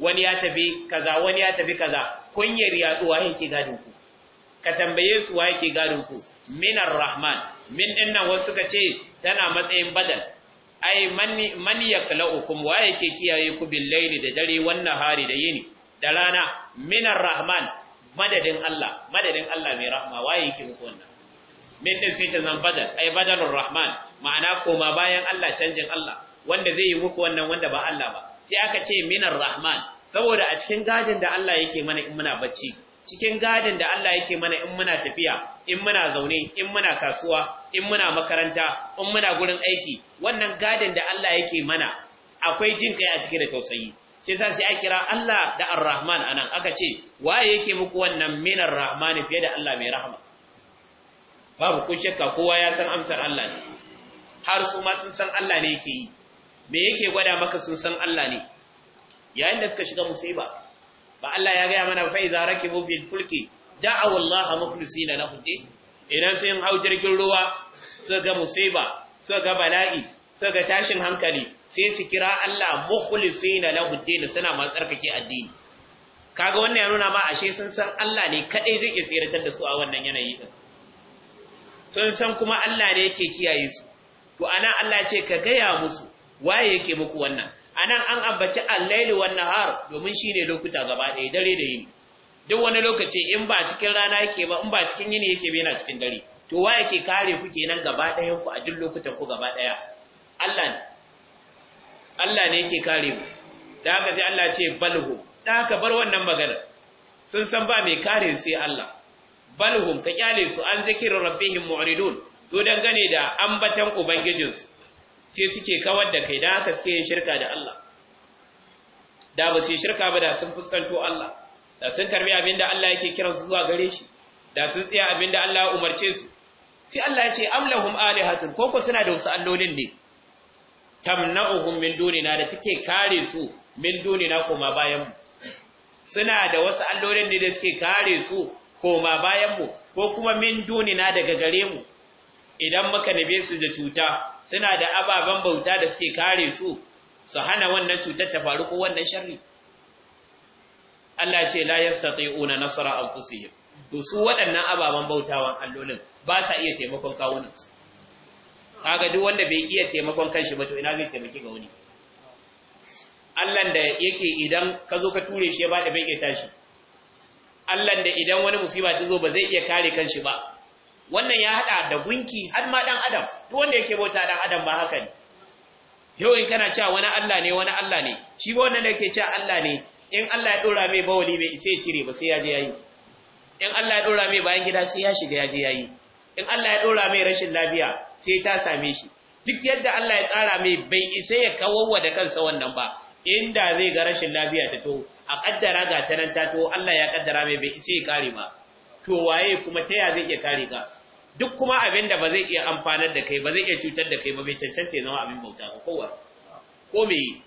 wani ya tafi kaza wani ya tafi kaza kunyar yatsuwa wa yake gadin ku ka tambaye su wa yake gadin ku minar rahman min dinnan wasu suka ce tana matsayin badal ai man yaklaukum wa yake kiyaye ku bil laili da dare wannan hari da yini da rana minar rahman madadin Allah madadin Allah mai rahma wa yake muku wannan min din sai ta zan badal ai badalur rahman ma'ana koma bayan Allah canjin Allah wanda zai yi muku wannan wanda ba Allah ba sai aka ce minar rahman saboda a cikin gadin da Allah yake mana in muna bacci cikin gadin da Allah yake mana in muna tafiya in muna zaune in muna kasuwa in muna makaranta in muna gurin aiki wannan gadin da Allah yake mana akwai jin kai a cikin da tausayi sai sa sai a kira Allah da Ar-Rahman anan aka ce waye yake muku wannan minar rahmani fiye da Allah mai rahama babu ko shakka kowa ya san amsar Allah ne har su ma sun san Allah ne yake yi me yake gwada maka sun san Allah ne yayin da suka shiga musiba ba Allah ya gaya mana fa idza rakibu fil fulki da'a wallaha mukhlisina lahu din idan sun hau jirgin ruwa suka ga musiba suka ga bala'i suka ga tashin hankali sai su kira Allah mukhlisina lahu din suna ma tsarkake addini kaga wannan ya nuna ma ashe sun san Allah ne kadai zai iya tsiratar da su a wannan yanayi din sun san kuma Allah ne yake kiyaye su to anan Allah ce ka gaya musu waye yake muku wannan anan an ambaci al-laili wan nahar domin shine lokuta gaba ɗaya dare da yini duk wani lokaci in ba cikin rana yake ba in ba cikin yini yake ba yana cikin dare to waye yake kare ku kenan gaba ɗayan ku a duk lokutan ku gaba ɗaya Allah ne Allah ne yake kare mu da haka sai Allah ce balhu da haka bar wannan magana sun san ba mai kare sai Allah balhum ka kyale su an zikirin rabbihim mu'ridun su gane da ambatan ubangijinsu sai suke kawar da kai da haka suke yin shirka da Allah da ba su yi shirka ba da sun fuskanto Allah da sun karbi abin Allah yake kiransu zuwa gare shi da sun tsaya abin Allah ya umarce su sai Allah ya ce amlahum alihatun koko suna da wasu allolin ne tamna'uhum min dunina da take kare su min dunina kuma bayan suna da wasu allolin ne da suke kare su koma bayan mu ko kuma min na daga gare mu idan muka nabe su da cuta suna da ababen bauta da suke kare su su hana wannan cutar ta faru ko wannan sharri Allah ce la yastati'una nasra anfusihim to su waɗannan ababen bautawan allolin ba sa iya taimakon kawunan su. kaga duk wanda bai iya taimakon kanshi ba to ina zai taimaki ga wani Allah da yake idan ka zo ka ture shi ya bada bai iya tashi Allahn da idan wani musiba ta zo ba zai iya kare kanshi ba wannan ya hada da gunki har ma dan adam duk wanda yake bauta dan adam ba haka ne yau in kana cewa wani Allah ne wani Allah ne shi ba wannan da yake cewa Allah ne in Allah ya dora mai bawali bai isa ya cire ba sai ya je yayi in Allah ya dora mai bayan gida sai ya shiga ya je yayi in Allah ya dora mai rashin lafiya sai ta same shi duk yadda Allah ya tsara mai bai isa ya kawo da kansa wannan ba inda zai ga rashin lafiya ta to a kaddara ga tanan nan ta to Allah ya kaddara mai bai sai ya kare ba to waye kuma ta ya zai iya kare ka duk kuma abin da ba zai iya amfanar da kai ba zai iya cutar da kai ba bai cancanta ya zama abin bauta ba kowa ko me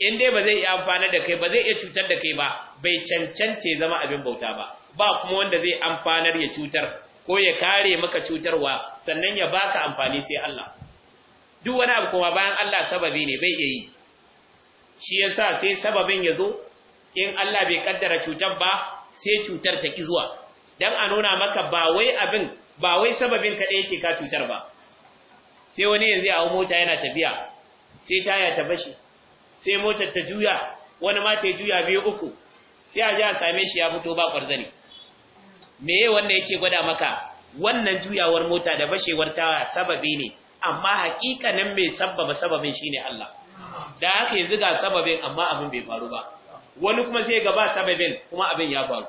in dai ba zai iya amfanar da kai ba zai iya cutar da kai ba bai cancanta ya zama abin bauta ba ba kuma wanda zai amfanar ya cutar ko ya kare maka cutarwa sannan ya baka amfani sai Allah duk wani abu kuma bayan Allah sababi ne bai iya yi shi yasa sai sababin ya zo in Allah bai kaddara cutar ba sai cutar ta ki zuwa dan a nuna maka ba wai abin ba wai sababin kaɗai yake ka cutar ba sai wani yanzu a mota yana tafiya sai taya ta bashi sai motar ta juya wani ma ta juya biyu uku sai a ji a same shi ya fito ba kwarzani meye wannan yake gwada maka wannan juyawar mota da bashewar ta sababi ne amma hakikanin mai sababa sababin shine Allah da haka yanzu ga sababin amma abin bai faru ba wani kuma zai ga sababin kuma abin ya faru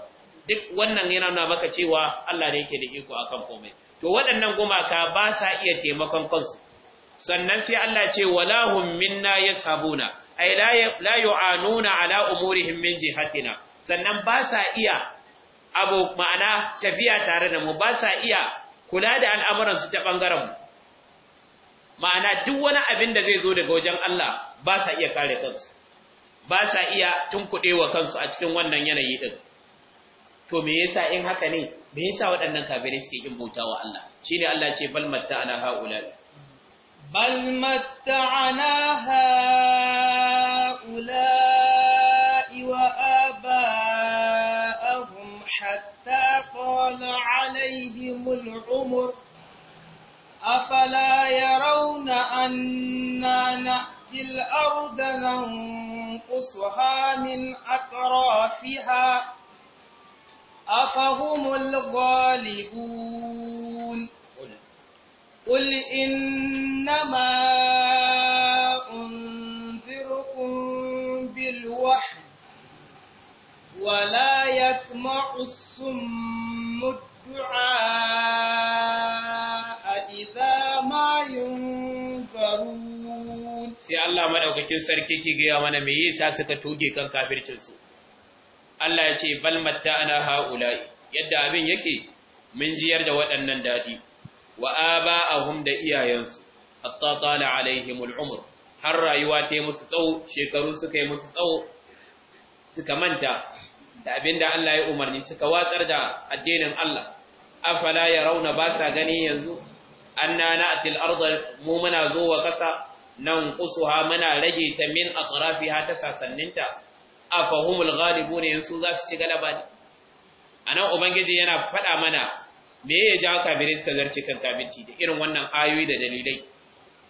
duk wannan yana nuna maka cewa Allah ne yake da iko akan komai to waɗannan gumaka ba sa iya taimakon kansu sannan sai Allah ce wala hum minna yashabuna ay la yu'anuna ala umurihim min jihatina sannan ba sa iya abu ma'ana tafiya tare da mu ba sa iya kula da al'amuran su ta bangaren mu ma'ana duk wani abin da zai zo daga wajen Allah ba sa iya kare kansu ba sa iya tunkuɗe wa kansu a cikin wannan yanayi din to me yasa in haka ne me yasa waɗannan kafirai suke ƙin bauta wa Allah ne Allah ce bal matta'ana haula bal matta'ana haula wa aba'ahum hatta qala alaihim al'umr afala yarawna anna na'ti al قصها من أطرافها أفهم الغالبون قل إنما أنذركم بالوحي ولا يسمع الصم الدعاء sai Allah madaukakin sarki ki gaya mana me yasa suka toge kan kafircin su Allah ya ce bal ana haula'i yadda abin yake mun jiyar da waɗannan dadi wa aba'ahum da iyayensu hatta tala alaihimul umr har rayuwa ta yi musu tsawo shekaru suka yi musu tsawo suka manta da abinda Allah ya umarni suka watsar da addinin Allah afala ya ba sa gani yanzu anna na'til ardh mu muna zo wa kasa nan kusuha muna rage ta min ha ta sasanninta afahumul ghalibun yansu za su ci galaba ne anan ubangiji yana faɗa mana me ya ja kafirai ka zarci kan kabinci da irin wannan ayoyi da dalilai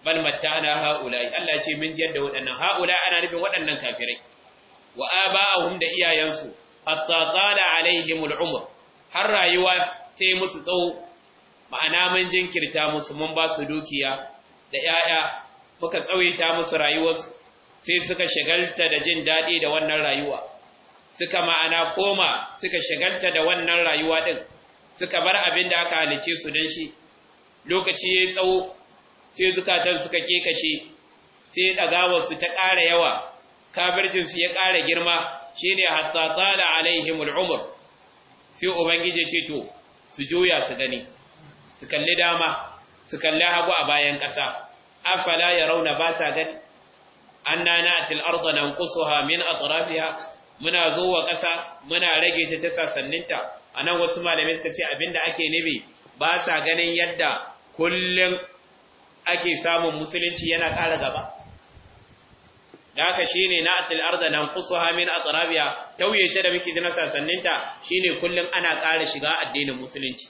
bal matta'ana ha'ulai Allah ce mun jiyar da waɗannan ha'ulai ana nufin waɗannan kafirai wa aba'ahum da iyayensu hatta qala alaihimul umr har rayuwa ta musu tsawo ma'ana mun jinkirta musu mun ba su dukiya da 'ya'ya muka tsawaita musu rayuwarsu sai suka shagalta da jin daɗi da wannan rayuwa suka ma'ana koma suka shagalta da wannan rayuwa ɗin suka bar abin da aka halice su don shi lokaci ya tsawo sai zukatan suka kekashe sai ɗagawarsu ta ƙara yawa kabircinsu ya ƙara girma shine ne hattata alaihimul sai ubangiji ce to su juya su gani su kalli dama su kalli hagu a bayan ƙasa afala yarawna ba sa gani anna na'til arda nanqusuha min atrafiha muna zuwa ƙasa muna rage ta ta A nan wasu malamai suka ce abinda ake nufi ba sa ganin yadda kullum ake samun musulunci yana ƙara gaba da shi haka shine na'til arda nanqusuha min atrafiha tauye ta da muke na shi ne kullum ana ƙara shiga addinin musulunci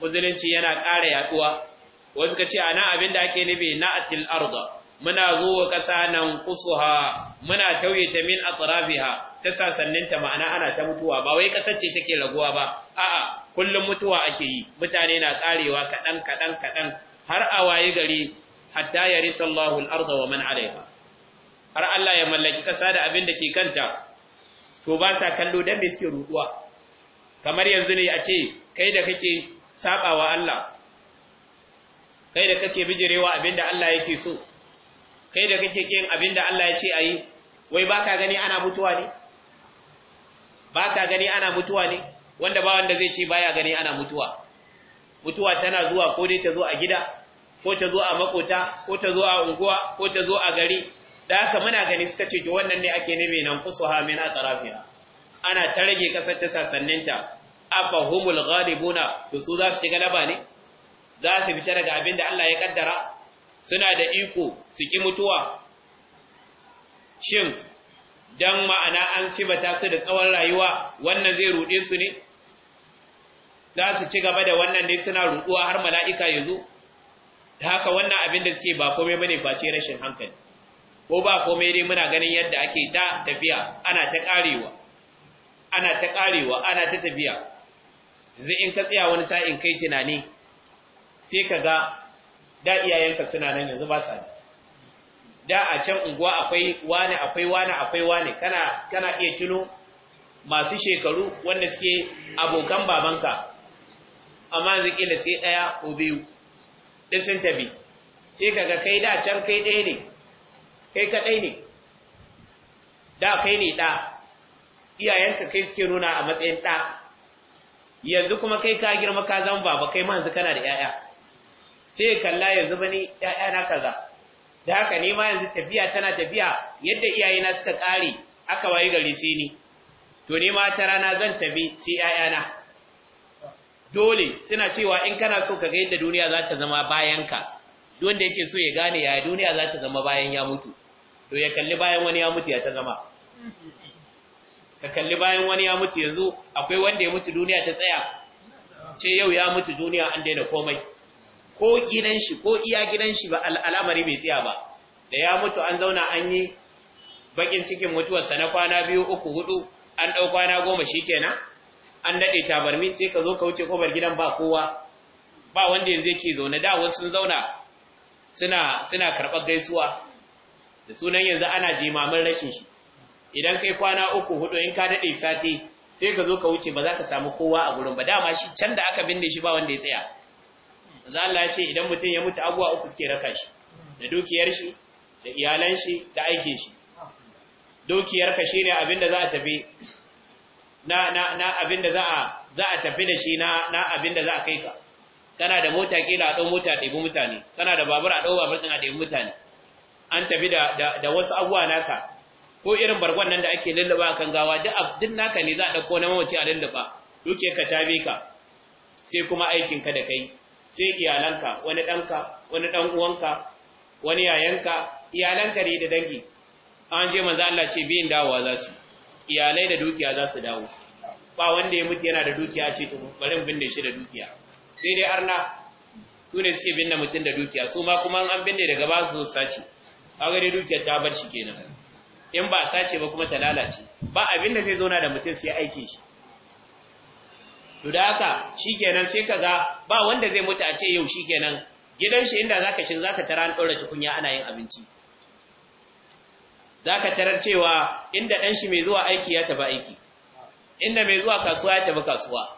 musulunci yana ƙara yaduwa wasu ka ce ana abin da ake nufi na'atil arda muna zo wa ƙasa nan kusuha muna tauye ta min atrafiha ta sasannin ta ma'ana ana ta mutuwa ba wai ƙasar ce take raguwa ba a'a kullum mutuwa ake yi mutane na karewa kaɗan kaɗan kaɗan har a waye gari hatta ya risa Allahu al-arda wa man alaiha har Allah ya mallaki ƙasa da abin da ke kanta to ba sa kallo dan me suke ruduwa kamar yanzu ne a ce kai da kake sabawa Allah kai da kake bijirewa abinda Allah yake so kai da kake kin abinda Allah ya ce ayi wai baka gani ana mutuwa ne baka gani ana mutuwa ne wanda ba wanda zai ce baya gani ana mutuwa mutuwa tana zuwa ko dai ta zo a gida ko ta zo a makota ko ta zo a unguwa ko ta zo a gari da haka muna gani suka ce to wannan ne ake nufi nan hamin min atrafiha ana ta rage kasar ta sasanninta afahumul ghalibuna to su za su shiga laba ne za su fita daga abin da Allah ya kaddara suna da iko su ki mutuwa shin dan ma'ana an sibata su da tsawon rayuwa wannan zai rude su ne za su ci gaba da wannan ne suna ruduwa har mala'ika ya zo ta haka wannan abin da suke ba komai bane face rashin hankali ko ba komai dai muna ganin yadda ake ta tafiya ana ta karewa ana ta karewa ana ta tafiya yanzu in ka tsaya wani sa'in kai tunani sai ka ga da iyayenka suna nan yanzu ba sa da a can unguwa akwai wani akwai wani akwai wani kana kana iya tuno masu shekaru wanda suke abokan babanka amma yanzu kila sai daya ko biyu duk sun tabi sai ga kai da can kai ɗaya ne kai kaɗai ne da kai ne ɗa iyayenka kai suke nuna a matsayin ɗa yanzu kuma kai ka girma ka zama baba kai ma yanzu kana da 'ya'ya sai ya kalla yanzu bani yayana kaza da haka ne ma yanzu tafiya tana tafiya yadda iyayena suka kare aka wayi gari sai ni to ne ma ta rana zan tafi sai yayana dole suna cewa in kana so ka ga yadda duniya za ta zama bayan ka wanda yake so ya gane ya duniya za ta zama bayan ya mutu to ya kalli bayan wani ya mutu ya ta zama ka kalli bayan wani ya mutu yanzu akwai wanda ya mutu duniya ta tsaya ce yau ya mutu duniya an daina komai ko gidan shi ko iya gidan shi ba al'amari mai tsaya ba da ya mutu an zauna an yi bakin cikin mutuwarsa na kwana biyu uku hudu an ɗau kwana goma shi kenan an daɗe tabarmi sai ka zo ka wuce kofar gidan ba kowa ba wanda yanzu yake zaune da wasu sun zauna suna suna karɓar gaisuwa da sunan yanzu ana jimamin rashin shi idan kai kwana uku hudu in ka daɗe sati sai ka zo ka wuce ba za ka samu kowa a gurin ba dama shi can da aka binne shi ba wanda ya tsaya manzo Allah ya ce idan mutum ya mutu abuwa uku suke raka shi da dukiyar shi da iyalan shi da aikin shi dukiyar ka shine abin za a tafi na na na abin da za a za a tafi da shi na na abin da za a kai ka kana da mota kila a dau mota a ɗabi mutane kana da babur a dau babur din a ɗebi mutane an tafi da da wasu abuwa naka ko irin bargon nan da ake lulluba kan gawa duk naka ne za a ɗauko na mamaci a lulluba duke ka tabe ka sai kuma aikin ka da kai sai iyalanka wani ɗanka wani ɗan uwanka wani yayanka iyalanka ne da dangi an je manzo Allah ce biyin dawowa za su iyalai da dukiya za su dawo ba wanda ya mutu yana da dukiya ce to bari mu binne shi da dukiya sai dai arna su ne suke binne mutum da dukiya su ma kuma an binne daga ba su sace kaga dai dukiyar ta bar shi kenan in ba sace ba kuma ta lalace ba abin da zai zauna da mutum sai aike shi to da haka shikenan sai kaga ba wanda zai mutu a ce yau shikenan gidan shi inda zaka shin zaka tara an dora tukunya ana yin abinci zaka tarar cewa inda dan shi mai zuwa aiki ya tafi aiki inda mai zuwa kasuwa ya tafi kasuwa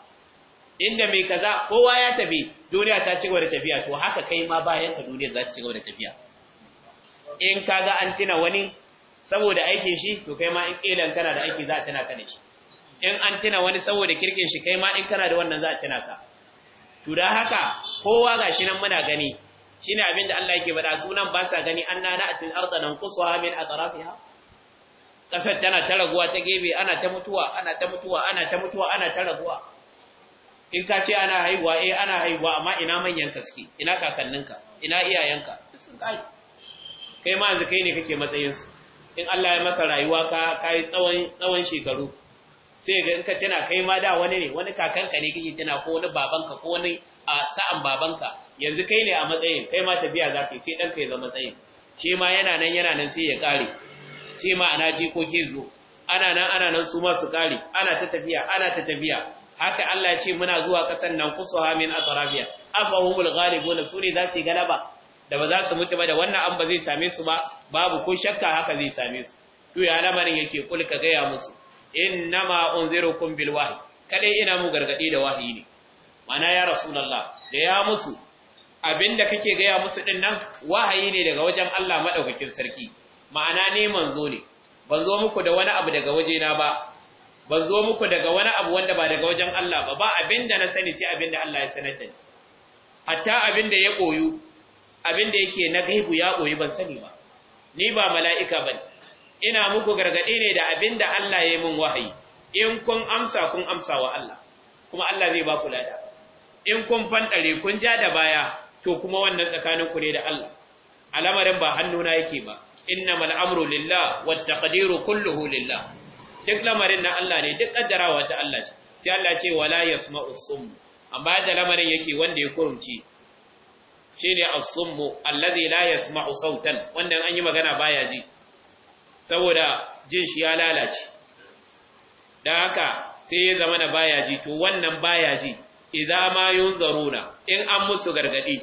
inda mai kaza kowa ya tafi duniya ta ci gaba da tafiya to haka kai ma bayan ka duniya za ta ci gaba da tafiya in kaga an tina wani saboda aikin shi to kai ma in kelan kana da aiki za a tana ka da shi in an tuna wani saboda kirkin shi kai ma in kana da wannan za a tuna ka to da haka kowa gashi nan muna gani shine abinda Allah yake faɗa sunan ba sa gani anna na'atil arda quswa min atrafiha kasar tana ta raguwa ta gebe ana ta mutuwa ana ta mutuwa ana ta mutuwa ana ta raguwa in ka ce ana haihuwa eh ana haihuwa amma ina manyan kaske ina kakanninka ina iyayenka sun kai kai ma yanzu kai ne kake matsayin su in Allah ya maka rayuwa ka kai tsawon tsawon shekaru sai ga in ka tana kai ma da wani ne wani kakanka ne kake tana ko wani babanka ko wani a sa'an babanka yanzu kai ne a matsayin kai ma tafiya za ka yi sai ka ya zama matsayin shi ma yana nan yana nan sai ya kare sai ma ana ke zo ana nan ana nan su ma su ƙare ana ta tafiya ana ta tafiya haka Allah ya ce muna zuwa kasan nan kusuha min atrafiya afahumul ghalibuna su ne za su yi galaba da ba za su mutu ba da wannan an ba zai same su ba babu ko shakka haka zai same su to ya lamarin yake kulka, ka gaya musu innama unzirukum bil wahyi kadai ina mu gargadi da wahayi ne mana ya rasulullah da ya musu abinda kake gaya musu din nan wahayi ne daga wajen Allah madaukakin sarki ma'ana ne manzo ne ban zo muku da wani abu daga wajena ba ban zo muku daga wani abu wanda ba daga wajen Allah ba ba abinda na sani sai abinda Allah ya sanar da ni hatta abinda ya koyu abinda yake na gaibu ya koyi ban sani ba ni ba mala'ika bane ina muku gargaɗi ne da abin da Allah ya yi min wahayi, in kun amsa kun amsa wa Allah, kuma Allah zai ba ku lada. In kun fanɗare kun ja da baya, to kuma wannan tsakaninku ne da Allah. Al'amarin ba hannuna yake ba, inna mal'amru lillah, wata taqdiru kulluhu lillah. Duk lamarin na Allah ne, duk ƙaddarawa ta Allah ce, sai Allah ce wala yasma'u usummu. amma da lamarin yake wanda ya kurumci, shi ne as Allah zai la yasma'u sautan, wanda an yi magana baya ji. saboda jin shi ya lalace da haka sai ya zama na baya ji to wannan baya ji idza ma yunzaruna in an musu gargadi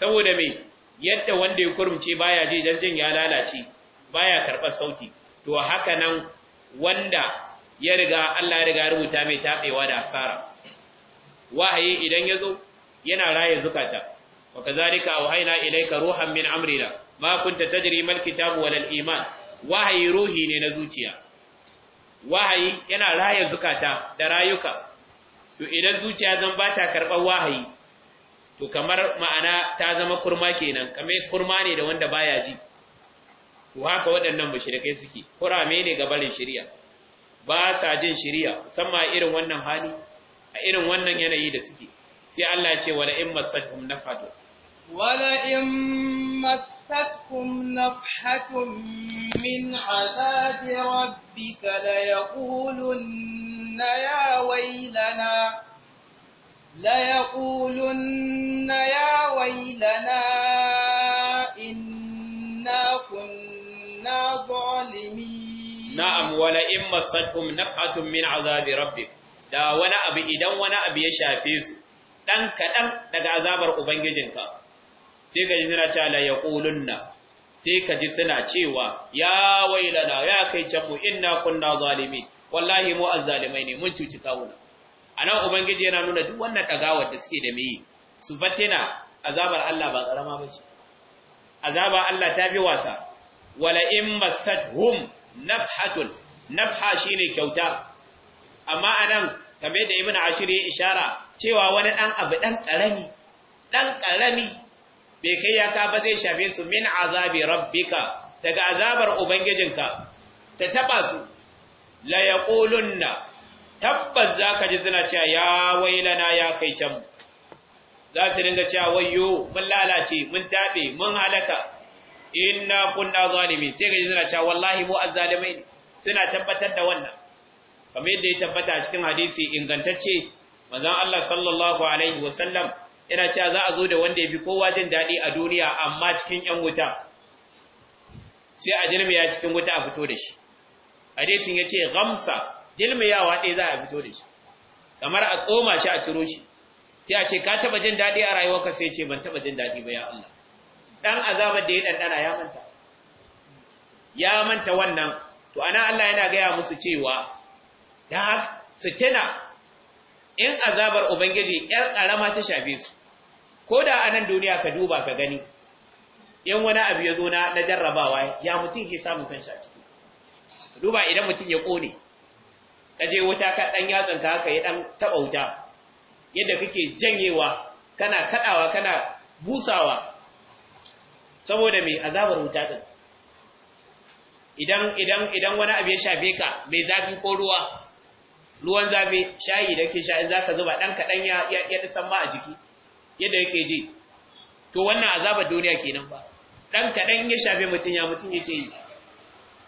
saboda me yadda wanda ya kurmce baya ji dan jin ya lalace baya karɓar sauti to haka nan wanda ya riga Allah ya riga rubuta mai tabewa da asara wahayi idan ya zo? yana raye zukata wa kazalika auhayna ilayka ruhan min amrina ma kunta tadri mal kitabu wal iman wahayi ruhi ne na zuciya wahayi yana raya zukata da rayuka to idan zuciya zan ba ta karɓar wahayi to kamar ma'ana ta zama kurma kenan kamar kurma ne da wanda baya ji to haka waɗannan mushrikai suke kurame ne ga barin shari'a ba sa jin shari'a musamman irin wannan hali a irin wannan yanayi da suke sai Allah ya ce wala in masatuhum nafatu wala in mas مستهم نفحة من عذاب ربك ليقولن يا ويلنا ليقولن يا ويلنا إنا كنا ظالمين نعم ولئن مستهم نفحة من عذاب ربك da wani abu idan wani abu ya shafe su ɗan kaɗan daga azabar Ubangijinka, sai ka ji suna cewa la yaqulunna sai ka ji suna cewa ya wailana ya kai can mu inna kunna zalimin wallahi mu azzalimai ne mun cuci kawuna anan ubangiji yana nuna duk wannan ɗagawar da suke da miyi su fatina azabar Allah ba karama ce azaba Allah ta bi wasa wala in masathum nafhatun nafha shine kyauta amma anan kame da ibnu mana ya ishara cewa wani dan abu dan ƙarami, dan karami bai kai ya ka ba zai shafe su min azabi rabbika daga azabar ubangijinka ta taba su la yaqulunna tabbas zaka ji suna cewa ya wailana ya kai can za su dinga cewa wayyo mun lalace mun tabe mun halaka inna kunna zalimin sai ka ji suna cewa wallahi mu azzalimai suna tabbatar da wannan kamar yadda ya tabbata cikin hadisi ingantacce manzon Allah sallallahu alaihi wasallam yana cewa za a zo da wanda ya fi kowa jin daɗi a duniya amma cikin ‘yan wuta sai a ya cikin wuta a fito da shi hadisin ya ce gamsa ya ɗaya za a fito da shi kamar a tsoma shi a ciro shi sai a ce ka taɓa jin daɗi a rayuwar ka sai ce ban taɓa jin daɗi ba ya Allah ɗan azabar da ya ɗanɗana ya manta ya manta wannan to ana Allah yana gaya musu cewa da su tuna in azabar ubangiji ‘yar karama ta shafe su ko da a nan duniya ka duba ka gani 'yan wani abu ya zo na jarrabawa ya mutum ke samun kanshi a ciki duba idan mutum ya kone ka je wuta ka dan yatsun ka haka ya dan taba wuta yadda kake janyewa kana kaɗawa kana busawa saboda mai azabar wuta din idan wani abu ya shafe ka mai zafi ko ruwa ruwan zafi shayi da ke sha in zaka zuba dan kadan ya ya samba a jiki yadda yake ji to wannan azabar duniya kenan ba, dan kadan ya shafe mutun ya mutun yake yi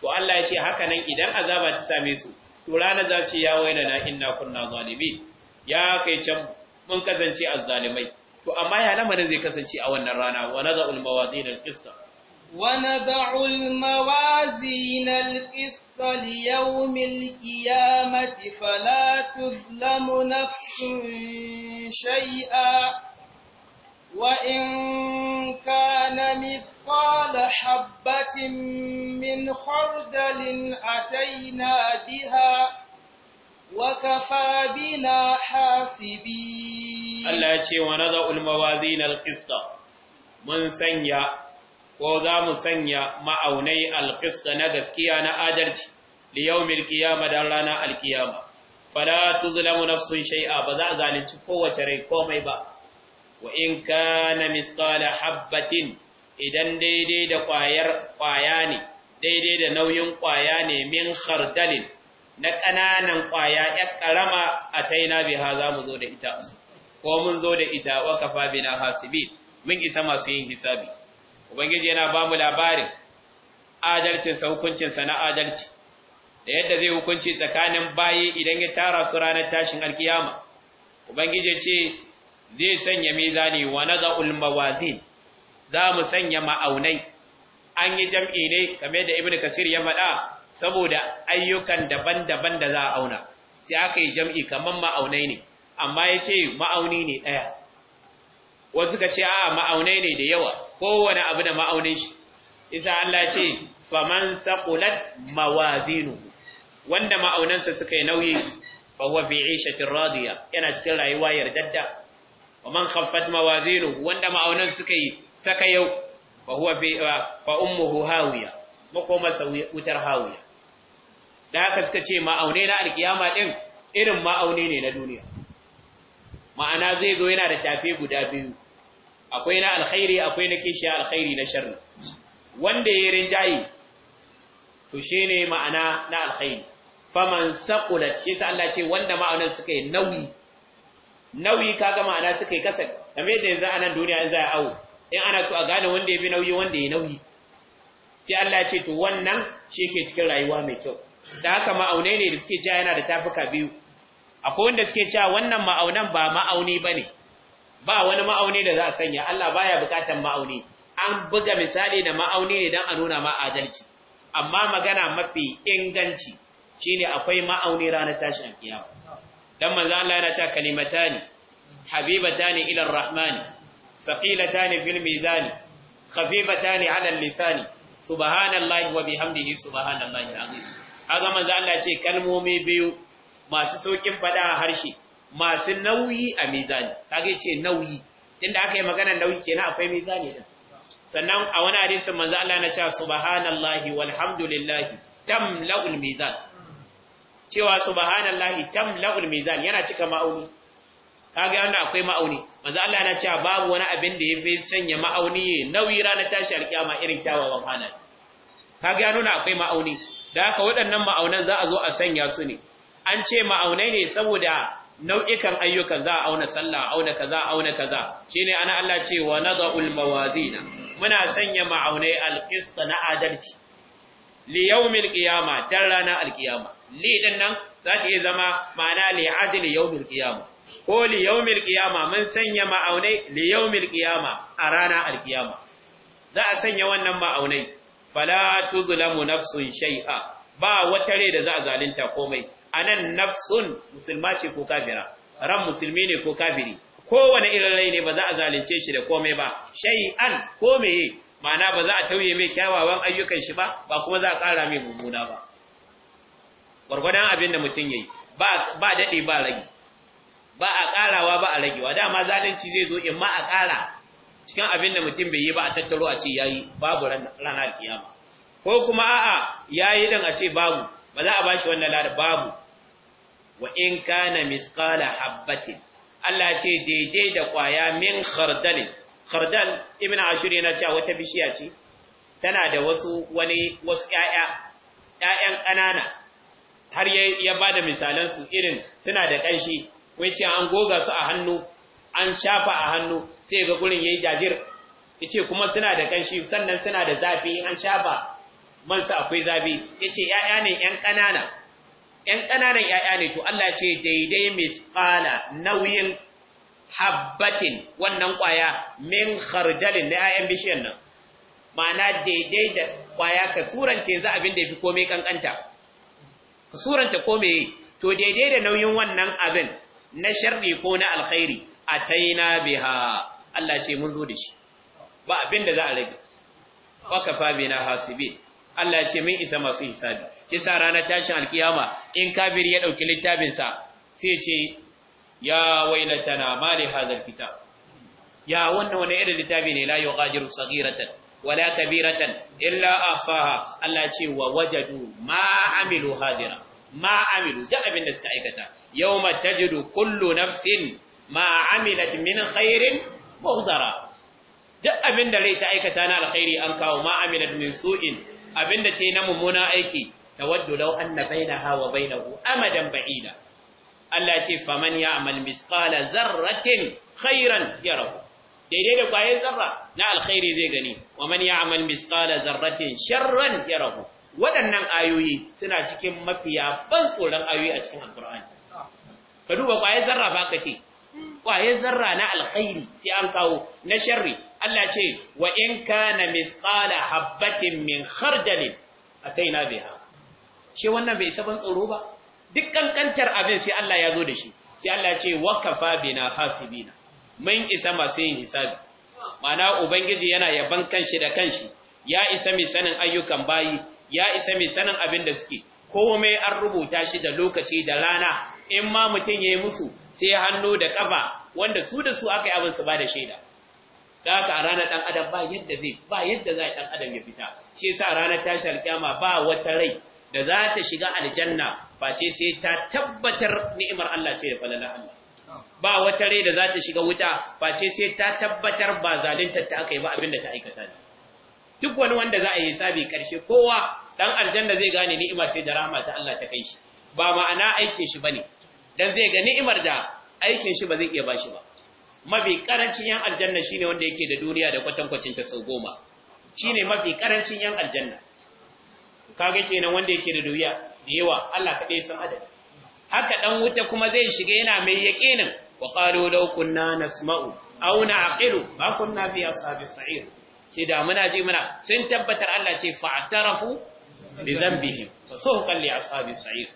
to Allah ya ce haka nan idan azaba ta same su to ranar za ce ya waina na inna kunna zalimi ya kai can mun kasance azzalimai to amma ya lamarin zai kasance a wannan rana wa nada'ul mawazin al-qist wa nada'ul mawazin al-qist li yawmil qiyamati fala tuzlamu nafsun shay'a وإن كان مثقال حبة من خردل أتينا بها وكفى بنا حاسبين الله يشي ونضع الموازين القسط من سنيا وذا سنيا معوني القسط نغسكيا نآجرج ليوم القيامة دارانا القيامة فلا تظلم نفس شيئا بذا ذلك قوة ريكومي بقى wa in kana misqala habbatin idan daidai da ƙwayar ƙwaya ne daidai da nauyin ƙwaya ne min khardalin na ƙananan ƙwaya ya karama a taina biha za mu zo da ita ko mun zo da ita wa kafa bina hasibi mun isa masu yin hisabi ubangiji yana ba mu labarin adalcin sa hukuncin sa na adalci da yadda zai hukunci tsakanin bayi idan ya tara su ranar tashin alkiyama ubangiji ce zai sanya mizani wa naza'ul mawazin za mu sanya ma'aunai an yi jam'i ne kame da ibn kasir ya faɗa saboda ayyukan daban-daban da za a auna sai aka yi jam'i kamar ma'aunai ne amma ya ce ma'auni ne ɗaya wasu ka ce a ma'aunai ne da yawa kowane abu da ma'aunin shi isa Allah ce faman saqulat mawazinu wanda ma'aunansa suka yi nauyi fa huwa fi 'ishatin radiya yana cikin rayuwa yardadda wa man khaffat mawazinu wanda ma'aunan suka yi saka yau fa huwa fi fa ummuhu hawiya wutar hawiya da haka suka ce ma'aune na alkiyama din irin ma'aune ne na duniya ma'ana zai zo yana da tafe guda biyu akwai na alkhairi akwai na kishiya alkhairi na sharri wanda ya rinjayi to shine ma'ana na alkhairi faman saqulat shi sa Allah ce wanda ma'aunan suka yi nauyi nauyi ka kaga ma'ana suka yi kasar kamar yadda yanzu a nan duniya in za awo in ana so a gane wanda ya bi nauyi wanda ya nauyi sai Allah ya ce to wannan shi yake cikin rayuwa mai kyau da haka ma'aunai ne da suke cewa yana da tafuka biyu akwai wanda suke cewa wannan ma'aunan ba ma'auni bane ba wani ma'auni da za a sanya Allah baya bukatan ma'auni an buga misali da ma'auni ne dan a nuna ma adalci amma magana mafi inganci shine akwai ma'auni ranar tashin kiyama dan manzo Allah yana cewa kalimatani habibatani ila arrahmani saqilatani fil mizani khafifatani ala lisani subhanallahi wa bihamdihi subhanallahi alazim haza manzo Allah ce kalmomi biyu masu saukin fada a harshe masu nauyi a mizani kage ce nauyi tunda aka yi magana nauyi kenan akwai mizani din sannan a wani hadisin manzo Allah na cewa subhanallahi walhamdulillahi tamla'ul mizan cewa subhanallahi tamla'ul mizan yana cika ma'auni kage wannan akwai ma'auni manzo Allah yana cewa babu wani abin da yafi sanya ma'auni nauyi ranar tashi alkiyama irin kyawawan halal kage ya nuna akwai ma'auni da haka waɗannan ma'aunan za a zo a sanya su ne an ce ma'aunai ne saboda nau'ikan ayyukan za a auna sallah auna kaza auna kaza shine ana Allah ce wa nada'ul mawazina muna sanya ma'aunai alqista na adalci liyawmil yawmil qiyama dan ranar alqiyama li din nan za ta iya zama ma'ana li ajli yawmil qiyama ko li yawmil qiyama mun sanya ma'aunai li yawmil qiyama a rana alqiyama za a sanya wannan ma'aunai fala tuzlamu nafsun shay'a ba wata rai da za a zalunta komai anan nafsun musulma ce ko kafira ran musulmi ne ko kafiri kowane irin rai ne ba za a zalunce shi da komai ba shay'an ko meye ma'ana ba za a tauye mai kyawawan ayyukan shi ba ba kuma za a ƙara mai mummuna ba gwargwadon abin da mutum yayi ba ba daɗe ba rage ba a ƙarawa ba a ragewa dama zalunci zai zo in ma a ƙara. cikin abin da mutum bai yi ba a tattaro a ce ya yi, babu ranar kiyama ko kuma a'a yi din a ce babu ba za a shi wannan lada babu wa in ka kana misqala habbatin Allah ce daidai da kwaya min khardalin khardal ibn Ashuri na cewa wata bishiya ce tana da wasu wani wasu ƴaƴa ƴaƴan ƙanana har ya ba da misalansu irin suna da ƙanshi wai an goga su a hannu an shafa a hannu sai ga gurin ya yi jajir ya ce kuma suna da ƙanshi sannan suna da zafi an shafa mansa akwai zafi ya ce ‘ya'ya ne ‘yan ƙanana ‘yan ƙananan ‘ya'ya ne to Allah ce daidai misfala nauyin habbatin wannan ƙwaya min harjalin na ‘ya'yan bishiyan nan ma'ana daidai da ƙwaya ka surance za abin da ya fi komai ƙanƙanta ka suranta ko meye to daidai da nauyin wannan abin na sharri ko na alkhairi ataina biha Allah ce mun zo da shi ba abin da za a rage wa kafa bina hasibin Allah ce mun isa masu hisabi kisa rana tashin alkiyama in kafiri ya dauki littafin sa sai ce ya wailatana ma li hadha alkitab ya wannan wani irin littafi ne la yughadiru saghiratan wala kabiratan illa ahsaha Allah ce wa wajadu ma amilu hadira ma da abin da suka aikata yawma tajidu kullu nafsin ma amilat min khairin muhdara duk abin da rai ta aikata na alkhairi an kawo ma amilat min su'in abin da ta na mummuna aiki tawaddu law anna bainaha wa bainahu amadan ba'ida Allah ce faman ya'mal mithqala zarratin khairan yarahu daidai da kwayan zarra na alkhairi zai gani wa man ya'mal misqala zarratin sharran yarahu waɗannan ayoyi suna cikin mafiya ban tsoron ayoyi a cikin alqur'ani ka duba kwayan zarra ba ka ce kwayan zarra na alkhairi sai an kawo na sharri Allah ce wa in kana misqala habatin min khardalin ataina biha shi wannan bai isa ban tsoro ba duk kankantar abin sai Allah ya zo da shi sai Allah ce wa kafa bina hasibina mun isa masu yin hisabi mana ubangiji yana yaban kanshi da kanshi ya isa mai sanin ayyukan bayi ya isa mai sanin abin da suke komai an rubuta shi da lokaci da rana in ma mutum ya yi musu sai hannu da kafa wanda su da su aka yi abin su ba da shaida da aka rana ranar ɗan adam ba yadda zai ba yadda za dan adam ya fita shi yasa ranar tashi alƙyama ba wata rai da za ta shiga aljanna ba ce sai ta tabbatar ni'imar Allah ce da falalar Allah ba wata rai da za ta shiga wuta face sai ta tabbatar ba zaluntar ta aka yi ba abin da ta aikata ne duk wani wanda za a yi sabi karshe kowa dan aljanna zai gane ni'ima sai da rahama ta Allah ta kai shi ba ma'ana aikin shi bane dan zai ga ni'imar da aikin shi ba zai iya bashi ba mafi karancin yan aljanna shine wanda yake da duniya da kwatankwacin ta sau goma shine mafi karancin yan aljanna kaga kenan wanda yake da duniya da yawa Allah kadai san adadi haka dan wuta kuma zai shiga yana mai yaqinin wa qalu law kunna nasma'u aw na'qilu ma kunna fi ashabis sa'ir ce da muna ji muna sun tabbatar Allah ce fa'tarafu bi dhanbihim fa li ashabis sa'ir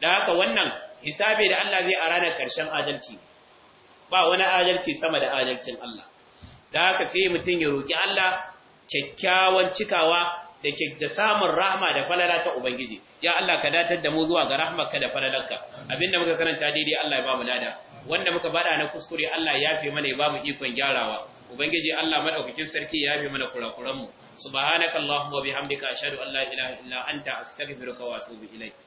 da haka wannan hisabi da Allah zai a ranar karshen adalci ba wani adalci sama da adalcin Allah da haka sai mutum ya roki Allah kyakkyawan cikawa da ke da samun rahama da falala ta ubangiji ya Allah ka datar da mu zuwa ga rahmarka da falalarka abinda muka karanta daidai Allah ya ba mu lada wanda muka bada na kuskure Allah ya yafe mana ya ba mu ikon gyarawa ubangiji Allah madaukakin sarki ya yafe mana kurakuran mu subhanakallahumma wa bihamdika ashhadu an la ilaha illa anta astaghfiruka wa atubu ilaik